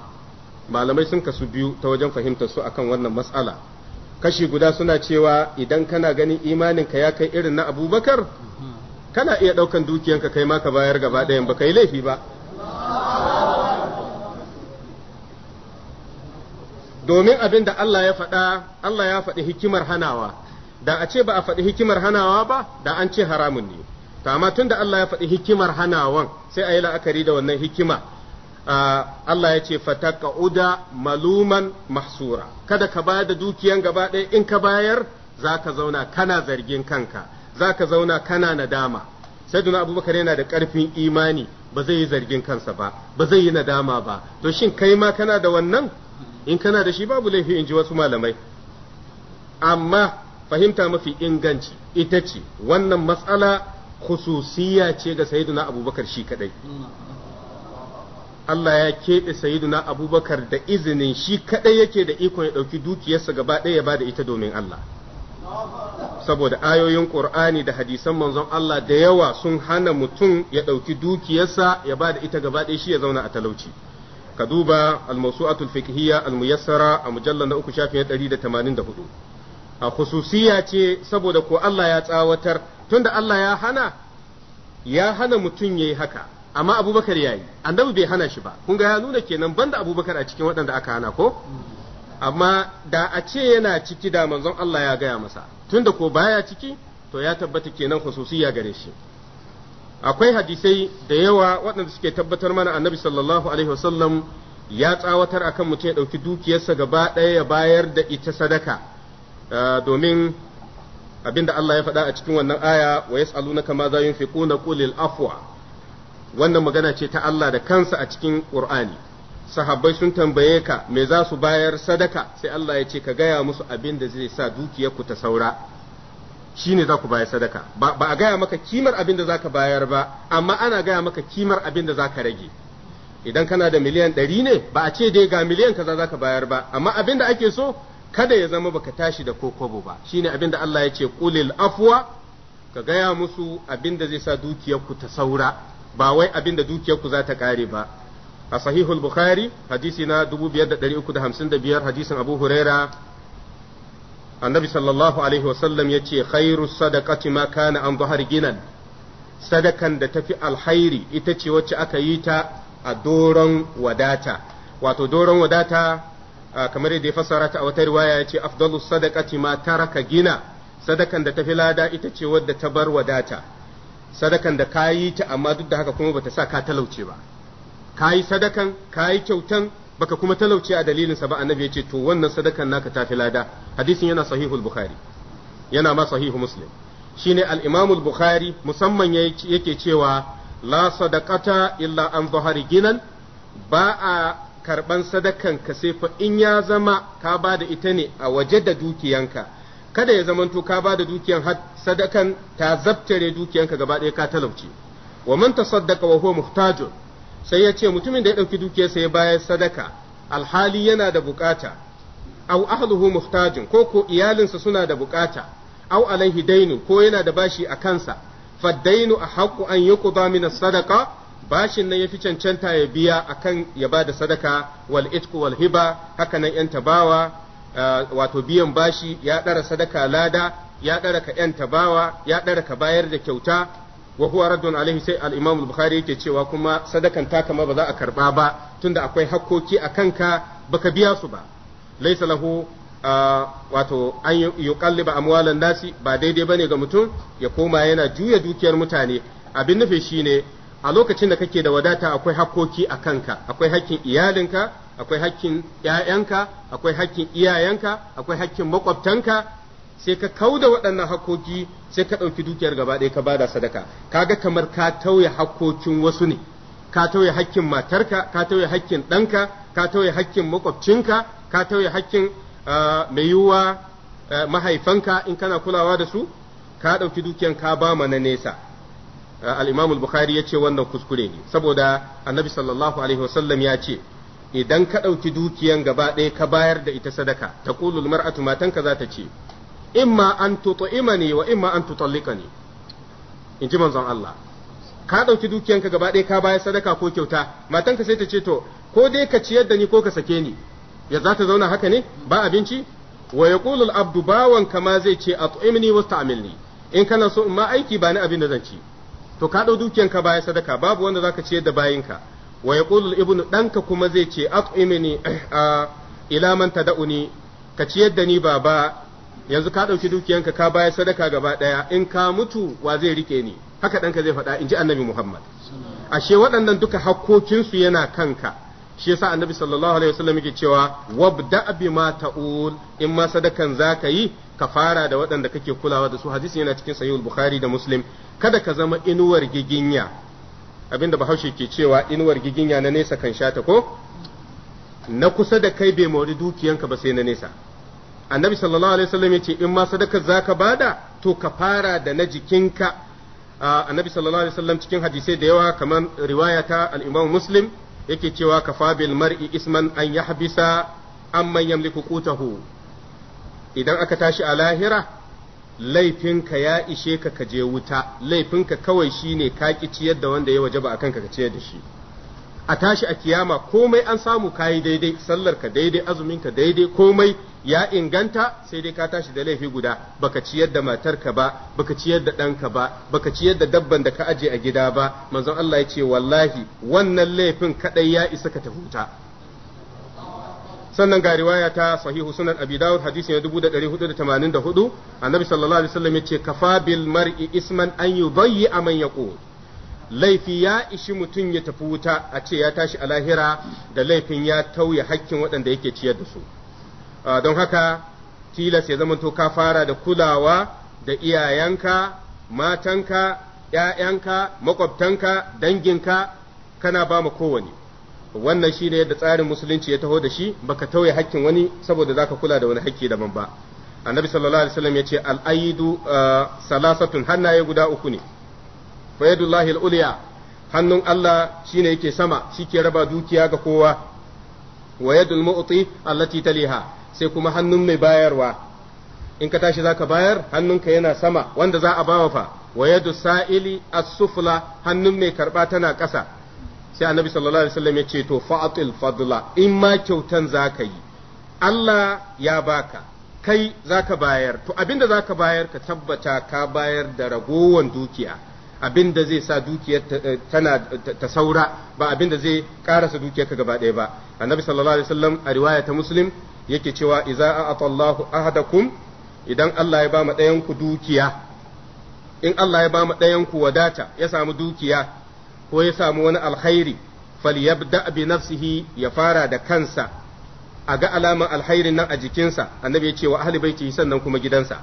malamai sun kasu biyu ta wajen fahimtar su akan wannan matsala kashi guda suna cewa idan kana ganin imaninka ya kai irin na abubakar mhm. kana iya ɗaukan dukiyanka kai ma ka bayar gaba ɗayan ba yi laifi ba domin abin da Allah ya faɗa Allah ya faɗi hikimar hanawa da a ce ba a faɗi hikimar hanawa ba da an ce haramun ne to amma da Allah ya faɗi hikimar hanawan sai a yi la'akari da wannan hikima Allah ya ce uda maluman mahsura kada ka bayar da dukiyan gaba ɗaya in ka bayar za ka zauna kana zargin kanka Za ka zauna kana nadama Sai duna abubakar yana da ƙarfin imani ba zai yi zargin kansa ba ba zai yi nadama ba to shin kai ma kana da wannan in kana da shi babu laifi in ji wasu malamai amma fahimta mafi inganci ita ce wannan matsala khususiya ce ga sayyiduna abubakar shi kadai Allah ya keɓe sayyiduna abubakar da izinin shi kadai yake da ikon ya ɗauki dukiyarsa gaba ɗaya ya bada ita domin Allah saboda ayoyin ƙur'ani da hadisan manzon Allah da yawa sun hana mutum ya ɗauki dukiyarsa ya bada ita gaba ɗaya shi ya zauna a talauci ka duba al-mawsu'atul fiqhiyya al-muyassara a mujallar na uku shafi 184 a khususiyya ce saboda ko Allah ya tsawatar tunda Allah ya hana ya hana mutum yayi haka amma Abubakar yayi annabi bai hana shi ba kun ga ya nuna kenan banda Abubakar a cikin waɗanda aka hana ko amma da a ce yana ciki da manzon Allah ya gaya masa tunda ko baya ciki to ya tabbata kenan khususiyya gare shi akwai hadisai da yawa waɗanda suke tabbatar mana annabi sallallahu alaihi wasallam ya tsawatar akan mutum ya ɗauki dukiyarsa gaba ɗaya ya bayar da ita sadaka ah, domin abin da Allah ya faɗa a cikin wannan aya wa yas'aluna kama za yunfiquna qulil afwa wannan magana ce ta Allah da kansa a cikin Qur'ani sahabbai sun tambaye ka me za su bayar sadaka sai Allah ya ce ka gaya musu abin da zai sa dukiyarku ta saura shi ne za ku bayar sadaka ba a gaya maka kimar abin da za ka bayar ba amma ana gaya maka kimar abin da za ka rage idan kana da miliyan ɗari ne ba a ce dai ga miliyan kaza za ka bayar ba amma abin da ake so kada ya zama baka tashi da kokobo ba shi ne abin da Allah ya ce kulil afuwa. ka gaya musu abin da zai sa dukiyarku ta saura ba wai abin da dukiyarku za ta kare ba a sahihul bukhari hadisi na 5355 hadisin abu huraira annabi sallallahu alaihi wasallam ya ce khairu sadaqati ma kana an zahar ginan sadakan da tafi alhairi ita ce wacce aka yi ta a doron wadata wato doron wadata kamar yadda ya fassara ta a wata riwaya ya ce afdalu sadaqati ma taraka gina sadakan da tafi lada ita ce wadda ta bar wadata sadakan da ka yi ta amma duk da haka kuma bata sa ka talauce ba ka yi sadakan ka yi kyautan baka kuma talauci a dalilin sa ba annabi yace to wannan sadakan naka tafi lada hadisin yana sahihul bukhari yana ma sahihu muslim shine al-imam al-bukhari musamman yake cewa la sadaqata illa an zahari ginan ba a karban sadakan ka sai fa in ya zama ka ba da ita ne a waje da dukiyanka kada ya zamanto ka bada da dukiyan sadakan ta zabtare dukiyanka gaba ɗaya ka talauci wa man tasaddaqa wa huwa muhtajun sai ya ce mutumin da ya ɗauki dukiyarsa ya bayar sadaka alhali yana da bukata au ahluhu muhtajin ko ko iyalinsa suna da bukata au alaihi dainu ko yana da bashi a kansa faddainu a haƙƙu an yi min sadaka bashin nan ya fi cancanta ya biya akan ya ba da sadaka wal itku wal hiba haka nan yan tabawa wato biyan bashi ya ɗara sadaka lada ya ɗara ka yan tabawa ya ɗara ka bayar da kyauta wa huwa raddun alaihi sai al-imam al-bukhari yake cewa kuma sadakan ta kama ba za a karba ba tunda akwai hakkoki a kanka baka biya su ba laysa lahu wato an yuqalliba amwalan nasi ba daidai bane ga mutum ya koma yana juya dukiyar mutane abin nufi shine a lokacin da kake da wadata akwai hakkoki a kanka akwai hakkin iyalinka akwai hakkin ‘ya'yanka, akwai hakkin iyayenka, akwai hakkin makwabtanka, sai ka kau da waɗannan hakoki sai ka ɗauki dukiyar gaba ɗaya ka bada sadaka kaga kamar ka tauye hakokin wasu ne ka tauye hakkin matarka ka tauye hakkin ɗanka ka tauye hakkin makwabcinka ka tauye hakkin ah, mai yiwuwa eh, mahaifanka in kana kulawa da su ka ɗauki dukiyan ka ba na nesa ah, al bukhari ya ce wannan kuskure ne saboda Annabi sallallahu alaihi wasallam ya ce idan ka ɗauki dukiyan gaba ɗaya ka bayar da ita sadaka ta mar'atu matanka za ta ce imma an ne, wa imma an ne in ji manzon Allah ka ɗauki dukiyanka gaba ɗaya ka bayar sadaka ko kyauta matanka sai ta ce to ko dai ka ciyar da ni ko ka sake ni ya za ta zauna haka ne ba abinci wa ya al-abdu bawan kama zai ce at'imni wasta'milni in kana so in ma aiki ba ni abin da zan ci to ka ɗau dukiyanka bayar sadaka babu wanda zaka ciyar da bayinka wa yaqulu al-ibnu ɗanka kuma zai ce at'imni eh, ah, ila man tad'uni ka ciyar da ni baba yanzu ka ɗauki dukiyanka ka bayar sadaka gaba ɗaya in ka mutu wa zai rike ni haka ɗanka zai faɗa in ji annabi muhammad ashe waɗannan duka hakkokinsu yana kanka shi yasa annabi sallallahu alaihi wasallam yake cewa wabda ma ta'ul in ma sadakan zaka yi ka fara da waɗanda kake kulawa da su hadisi yana cikin sahihul bukhari da muslim kada ka zama inuwar giginya abinda bahaushe ke cewa inuwar giginya na nesa kan shata ko na kusa da kai bai mori dukiyanka ba sai na nesa annabi sallallahu alaihi wasallam yace in ma sadaka zaka bada to ka fara da na jikinka annabi sallallahu alaihi wasallam cikin hadisai da yawa kamar riwaya ta al-Imam Muslim yake cewa kafa bil mar'i isman an yahbisa amman yamliku qutahu idan aka tashi a lahira laifinka ya ishe ka ka je wuta laifinka kawai shine ka ki ciyar da wanda ya wajaba akan ka ciyar da shi a tashi a kiyama komai an samu kayi daidai sallar ka daidai azumin ka daidai komai ya inganta sai dai ka tashi da laifi guda baka ciyar da matarka ba baka ciyar da ɗanka ba baka ciyar da dabban da ka aje a gida ba manzon Allah ya ce wallahi wannan laifin kadai ya isa ka ta huta sannan ga riwaya ta sahihu sunan abi dawud hadisi na 1484 annabi sallallahu alaihi wasallam ya ce kafa bil mar'i isman an yubayyi man yaqul laifi ya ishi mutum ya tafi wuta a ce ya tashi a lahira da laifin ya tauye hakkin waɗanda yake ciyar da su Ah, don haka tilas ya zamanto ka fara da kulawa da iyayenka matanka ‘ya'yanka makwabtanka danginka kana ba mu kowane wannan shi ne yadda tsarin musulunci ya taho da shi baka tauye hakkin wani saboda zaka kula da wani hakki daban ba annabi sallallahu alaihi wasallam ya ce al’ayidu ah, salasatun hannaye guda uku ne fa yadullahi hannun Allah shi ne yake sama shi ke raba dukiya ga kowa wa yadul mu'ti allati taliha sai kuma hannun mai bayarwa in ka tashi zaka bayar hannunka yana sama wanda za a bawa fa wa yadu sa'ili as-sufla hannun mai karba tana ƙasa sai annabi sallallahu alaihi wasallam ya ce to fa'atil fadla in ma kyautan zaka yi Allah ya baka kai zaka bayar to abinda zaka bayar ka tabbata ka bayar da ragowan dukiya abinda zai sa dukiyar eh, tana ta saura ba abinda zai karasa dukiyarka gaba ɗaya ba annabi sallallahu alaihi wasallam a riwaya ta muslim yake cewa idza a'ata Allahu ahadakum idan Allah ya ba mu ɗayan ku dukiya in Allah ya ba mu ɗayan ku wadata ya samu dukiya ko ya samu wani alkhairi falyabda bi nafsihi ya fara da kansa a ga alaman alkhairin nan a jikinsa annabi ya ce wa ahli baiti sannan kuma gidansa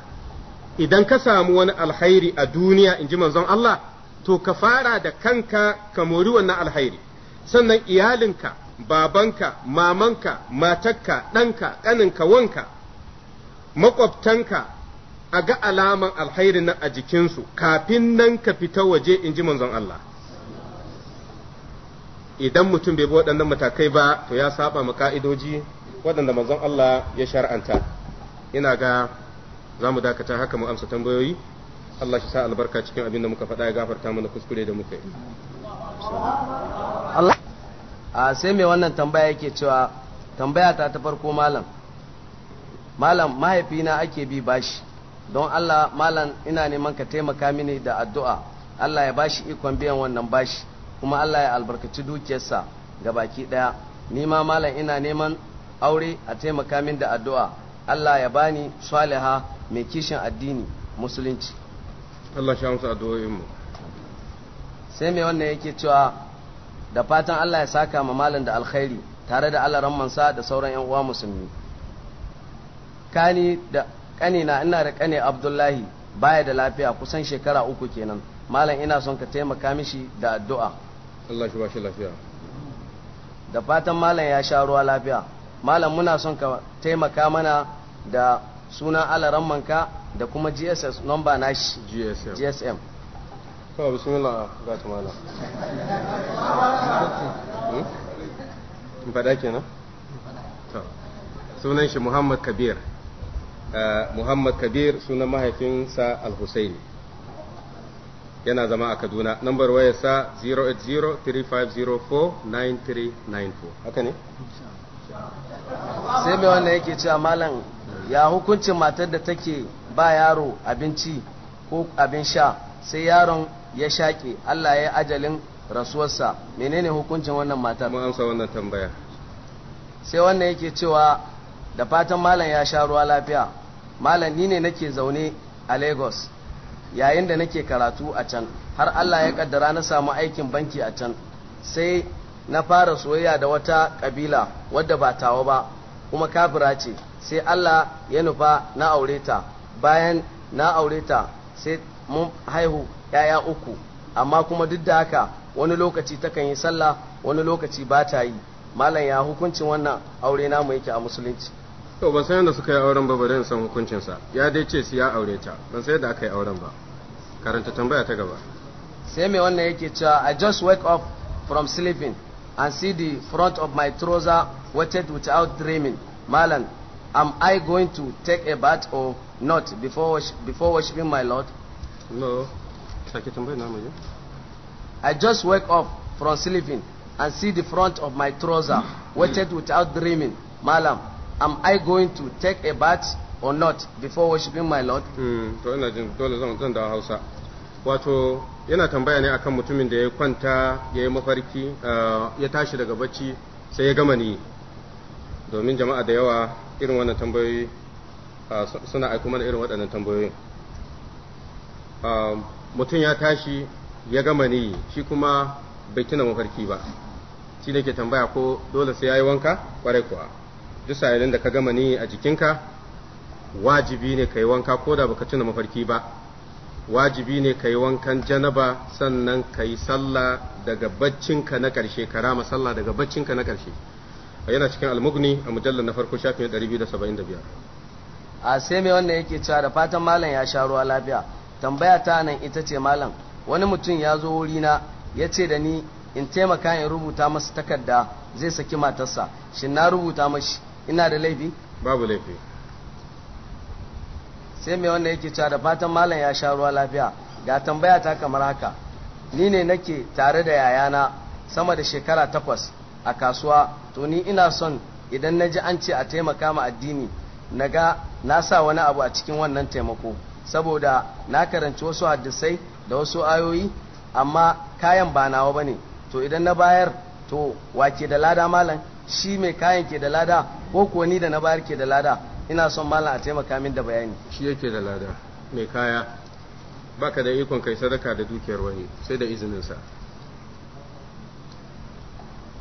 idan ka samu wani alkhairi a duniya in ji manzon Allah to ka fara da kanka ka mori wannan alkhairi sannan iyalinka babanka mamanka matakka ɗanka ƙaninka wanka maƙwabtanka a ga alaman alhairi nan a jikinsu kafin nan ka fita waje in ji manzon Allah idan mutum bai bi waɗannan matakai ba to ya saba ma ka'idoji waɗanda manzon Allah ya shar'anta ina ga za mu dakata haka mu amsa tambayoyi Allah shi sa albarka cikin abin da muka faɗa ya gafarta mana kuskure da muka yi Allah a sai mai wannan tambaya yake cewa tambaya ta ta farko malam malam mahaifina ake bi bashi don Allah malam ina neman ka taimaka mini da addu'a Allah ya bashi ikon biyan wannan bashi kuma Allah ya albarkaci dukiyarsa ga baki daya ni ma malam ina neman aure a taimaka min da addu'a Allah ya bani saliha mai kishin addini musulunci Allah sha musu addu'o'in sai mai wannan yake cewa da fatan Allah ya saka ma malam da alkhairi tare da Allah rammansa da sauran yan uwa musulmi kani da na ina da kani Abdullahi baya da lafiya kusan shekara uku kenan malam ina son ka taimaka mishi da addu'a Allah shi bashi lafiya da fatan malam ya sha ruwa lafiya malam muna son ka taimaka mana da sunan alaran manka da kuma GSS number nashi GSM kawai nila ga ta hmm? faɗa nan? sunan shi muhammad kabir eh, muhammad kabir sunan mahaifinsa al yana zama a kaduna nambar wayarsa 08035049394 haka ne sai mai wanda yake cewa malam ya hukuncin matar da take ba yaro abinci ko abin sha sai yaron ya shaƙe Allah ya yi ajalin rasuwarsa menene hukuncin wannan matar mun amsa wannan tambaya sai wannan yake cewa da fatan malam ya sha ruwa lafiya malam ni ne nake zaune a Lagos yayin da nake karatu a can har Allah ya kaddara na samu aikin banki a can sai na fara soyayya da wata kabila wadda ba tawa ba kuma kafira ce sai Allah ya nufa na aure ta bayan na aure ta sai mun haihu 'ya'ya uku amma kuma duk da haka wani lokaci takan yi sallah wani lokaci ba ta yi malam ya hukuncin wannan aure namu yake a musulunci to ban san yadda suka yi auren ba ba dan san hukuncin sa ya dai ce su ya aure ta ban san yadda aka yi auren ba karanta tambaya ta gaba sai mai wannan yake cewa i just wake up from sleeping and see the front of my trouser wetted without dreaming malam am i going to take a bath or not before before worshiping my lord no I just wake up from sleeping and see the front of my trouser wetted without dreaming. Malam, am I going to take a bath or not before worshiping my Lord? Hmm, to ina jin dole zan dawo Hausa. Wato yana tambaya ne akan mutumin da ya kwanta ya yi mafarki ah, ya tashi daga bacci sai ya gama ni. Domin jama'a da yawa irin wannan tambayoyi ah, suna aiko mana irin waɗannan tambayoyin. Ah, mutum ya tashi ya gama ni shi kuma bai tuna mafarki ba shi da ke tambaya ko dole sai ya yi wanka kwarai kuwa duk sa'ilin da ka gama ni a jikinka wajibi ne ka yi wanka ko da baka tuna mafarki ba wajibi ne ka yi wankan janaba sannan ka yi sallah daga baccinka na ƙarshe ka rama sallah daga baccinka na ƙarshe yana cikin almugni a mujallar na farko shafin 275 a sai mai wannan yake cewa da fatan malam ya sha ruwa lafiya tambaya ta nan ita ce malam wani mutum ya zo wurina ya ce da ni in taimaka in rubuta masa takarda zai saki matarsa shin na rubuta mashi ina da laifi babu laifi sai mai wanda yake cewa da fatan malam ya sha ruwa lafiya ga tambaya ta kamar haka ni ne nake tare da yayana sama da shekara takwas a kasuwa to ni ina son idan na ji an ce a taimaka ma addini na ga na sa wani abu a cikin wannan taimako saboda na karanci wasu hadisai da wasu ayoyi amma kayan ba nawa bane to idan na bayar to wa ke da lada malam shi mai kayan ke da lada ko kuwa ni da na bayar ke da lada ina son malam a taimaka min da bayani shi yake da lada mai kaya baka da ikon kai sadaka da dukiyar wani sai da izininsa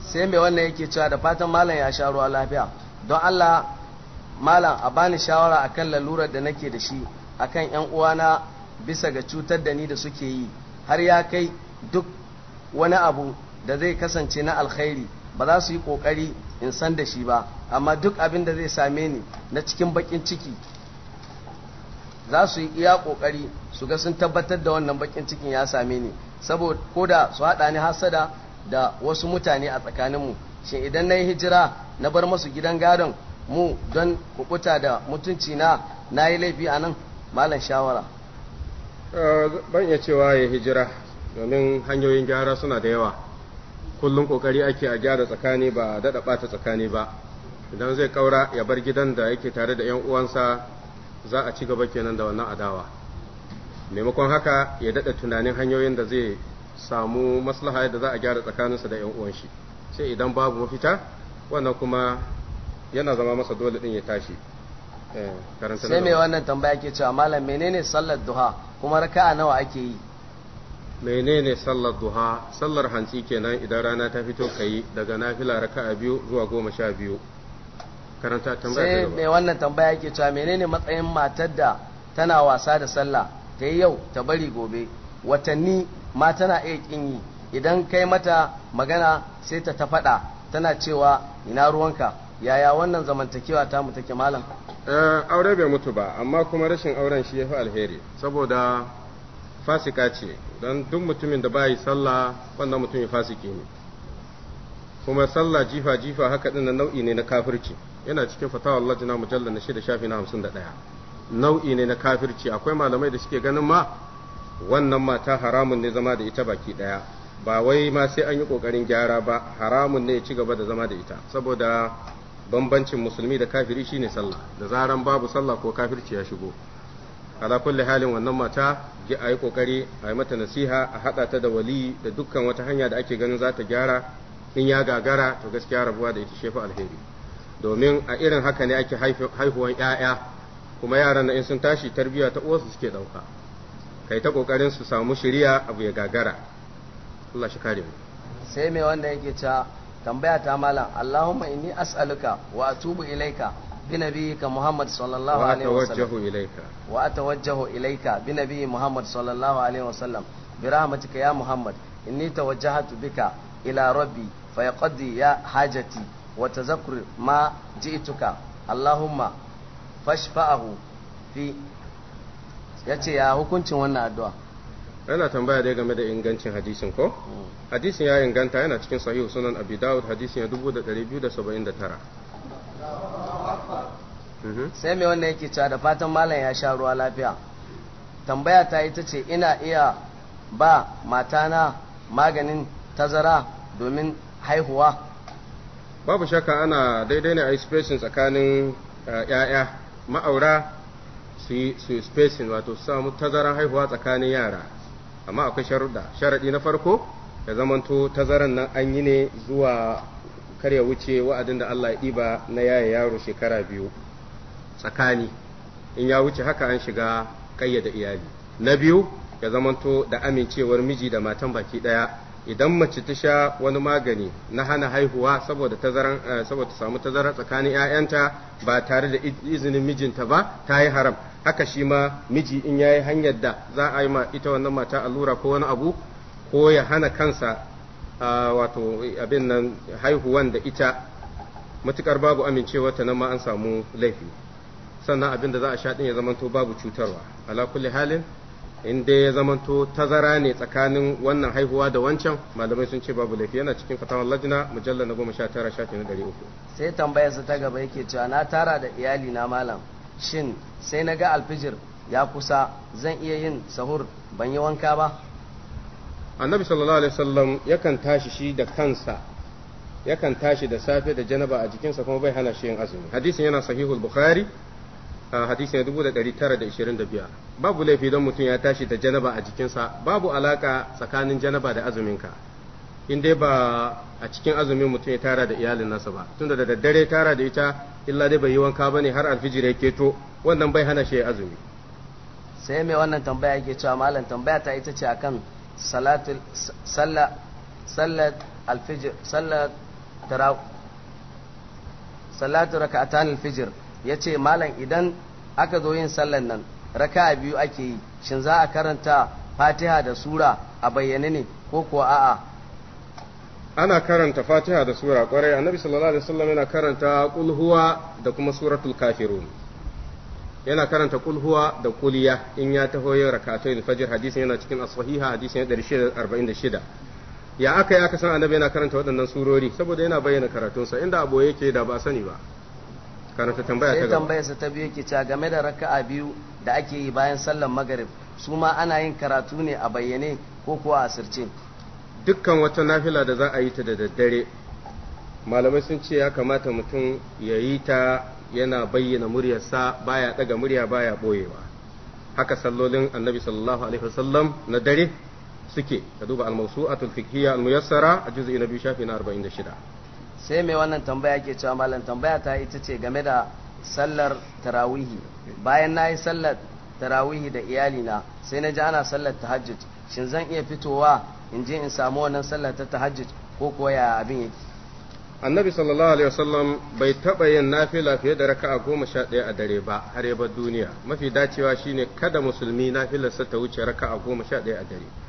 sai mai wannan yake cewa da fatan malam ya sha ruwa lafiya don allah malam a bani shawara akan lalurar da nake da shi akan yan uwana bisa ga cutar da ni da suke yi har ya kai duk wani abu da zai kasance na alkhairi ba za su yi kokari in san da shi ba amma duk abin da zai same ni na cikin bakin ciki za su yi iya kokari su ga sun tabbatar da wannan bakin cikin ya same ni saboda koda su haɗa ni hasada da wasu mutane a tsakaninmu shin idan na yi hijira na bar masu gidan gadon mu don kukuta da mutunci na na yi laifi a nan malam shawara eh, ban iya cewa ya hijira domin hanyoyin gyara suna da yawa kullum kokari ake a gyara tsakani ba a daɗa bata tsakani ba idan zai kaura ya bar gidan da yake tare da yan uwansa za a ci gaba kenan da wannan adawa maimakon haka ya daɗa tunanin hanyoyin da zai samu maslaha da za a gyara tsakaninsa da yan uwan shi sai idan babu mafita wannan kuma yana zama masa dole din ya tashi Eh, sai mai wannan tambaya ke cewa malam menene sallar duha kuma raka'a nawa ake yi menene sallar duha sallar hantsi kenan idan rana ta fito kai daga nafila raka'a biyu zuwa goma sha biyu karanta tambaya sai mai wannan tambaya ke cewa menene matsayin matar da tana wasa da sallah ta yi yau ta bari gobe watanni ma tana iya kin yi idan kai mata magana sai ta ta faɗa tana cewa ina ruwanka yaya wannan zamantakewa ta mu take malam eh, aure bai mutu ba amma kuma rashin auren shi yafi alheri saboda fasika ce don duk mutumin da bai sallah wannan mutumin fasiki ne kuma sallah jifa jifa haka din nau'i ne na kafirci yana cikin fatawar lajina mujallar na shida shafi na hamsin da ɗaya nau'i ne na kafirci akwai malamai da suke ganin ma wannan mata haramun ne zama da ita baki ɗaya ba wai ma sai an yi kokarin gyara ba haramun ne ya ci gaba da zama da ita saboda bambancin musulmi da kafiri shine sallah da zaran babu sallah ko kafirci ya shigo ala kulli halin wannan mata ji a yi kokari a yi mata nasiha a haɗa ta da wali da dukkan wata hanya da ake ganin za ta gyara in ya gagara to gaskiya rabuwa da ita shefa alheri domin a irin haka ne ake haihuwan 'ya'ya, kuma yaran na in sun tashi tarbiyya ta uwarsu suke ɗauka kai ta kokarin su samu shiriya abu ya gagara Allah shi kare mu sai me wanda yake ta tambaya ta malam Allahumma inni as'aluka wa atubu ilaika bi nabiyyika Muhammad sallallahu alaihi wasallam wa atawajjahu ilaika bi nabiyyi Muhammad sallallahu alaihi wasallam bi rahmatika ya Muhammad inni tawajjahtu bika ila rabbi fayaqdi ya hajati wa tazakkur ma ji'tuka Allahumma fashfa'ahu fi yace ya hukuncin wannan addu'a yana tambaya dai game da ingancin hadisin ko hmm. hadisin ya inganta yana cikin sahihu sunan abi dawud hadisin ya tara. Mhm. sai mai wannan yake cewa da fatan malam ya sha ruwa lafiya tambaya ta ita ce ina iya ba matana maganin tazara domin haihuwa babu shakka ana daidai ne a yi spacing tsakanin eh, ‘ya'ya ma'aura su yi spacing wato samu tazaran haihuwa tsakanin yara amma akwai sharuɗa sharaɗi na farko ya zamanto tazaran nan an yi ne zuwa kar ya wuce wa'adin da Allah ya ɗiba na yaya yaro shekara biyu tsakani in ya wuce haka an shiga ƙayyada iyali na biyu ya zamanto da amincewar miji da matan baki ɗaya idan mace ta sha wani magani na hana haihuwa saboda tazaran eh, saboda samu tazara tsakanin 'ya'yanta ba tare da izinin mijinta ba ta yi haram haka shi ma miji in ya yi hanyar da za a yi ma ita wannan mata allura ko wani abu ko ya hana kansa a wato abin nan haihuwan da ita matukar babu amincewa ta nan ma an samu laifi sannan abin da za a shaɗin ya zamanto babu cutarwa ala kulli halin in dai ya zamanto tazara ne tsakanin wannan haihuwa da wancan malamai sun ce babu laifi yana cikin fatawar lajina mujallar na goma sha tara shafi na ɗari uku sai tambayarsa ta gaba yake cewa na tara da iyali na malam shin sai na ga alfijir ya kusa zan iya yin sahur ban yi wanka ba annabi sallallahu alaihi wasallam yakan tashi shi da kansa yakan tashi da safe da janaba a jikinsa kuma bai hana shi yin azumi hadisin yana sahihul bukhari hadisin 1925 babu laifi don mutum ya tashi da janaba a jikinsa babu alaka tsakanin janaba da azuminka in dai ba a cikin azumin mutum ya tara da iyalin nasa ba tunda da daddare tara da ita illa dai bai yi wanka ba ne har alfijir ya keto wannan bai hana shi azumi sai mai wannan tambaya yake cewa malam tambaya ta ita ce akan salatul salla sallat alfijir sallat tara salatu raka'atan alfijir yace malam idan aka zo yin sallan nan raka'a biyu ake yi shin za a karanta fatiha da sura a bayyane ne ko kuwa a'a ana karanta fatiha da sura kwarai annabi sallallahu alaihi wasallam yana karanta qul huwa da kuma suratul kafirun yana karanta qul huwa da kuliya in ya taho yin rak'atayn fajr hadisin yana cikin as-sahiha hadisin 146 ya aka yi aka san annabi yana karanta waɗannan surori saboda yana bayyana karatunsa inda abu yake da ba sani ba karanta tambaya ta gaba tambayarsa ta biyu ke cewa game da raka'a biyu da ake yi bayan sallar magrib su ma ana yin karatu ne a bayyane ko kuwa a sirce dukkan wata nafila da za a yi ta da daddare malamai sun ce ya kamata mutum ya yi ta yana bayyana muryarsa baya daga murya baya boyewa haka sallolin annabi sallallahu alaihi wasallam na dare suke ka duba al-mawsu'atul fiqhiyya al a juz'i na biyu shafi na 46 sai mai wannan tambaya ke cewa malam tambaya ta ita ce game da sallar tarawihi bayan nayi sallar tarawihi da iyalina sai na ji ana sallar tahajjud shin zan iya fitowa in je in samu wannan sallar ta tahajjud ko kuwa ya abin yake annabi sallallahu alaihi wasallam bai taɓa yin nafila fiye da raka'a goma sha ɗaya a dare ba har yabar duniya mafi dacewa shine kada musulmi nafilarsa ta wuce raka'a goma sha ɗaya a dare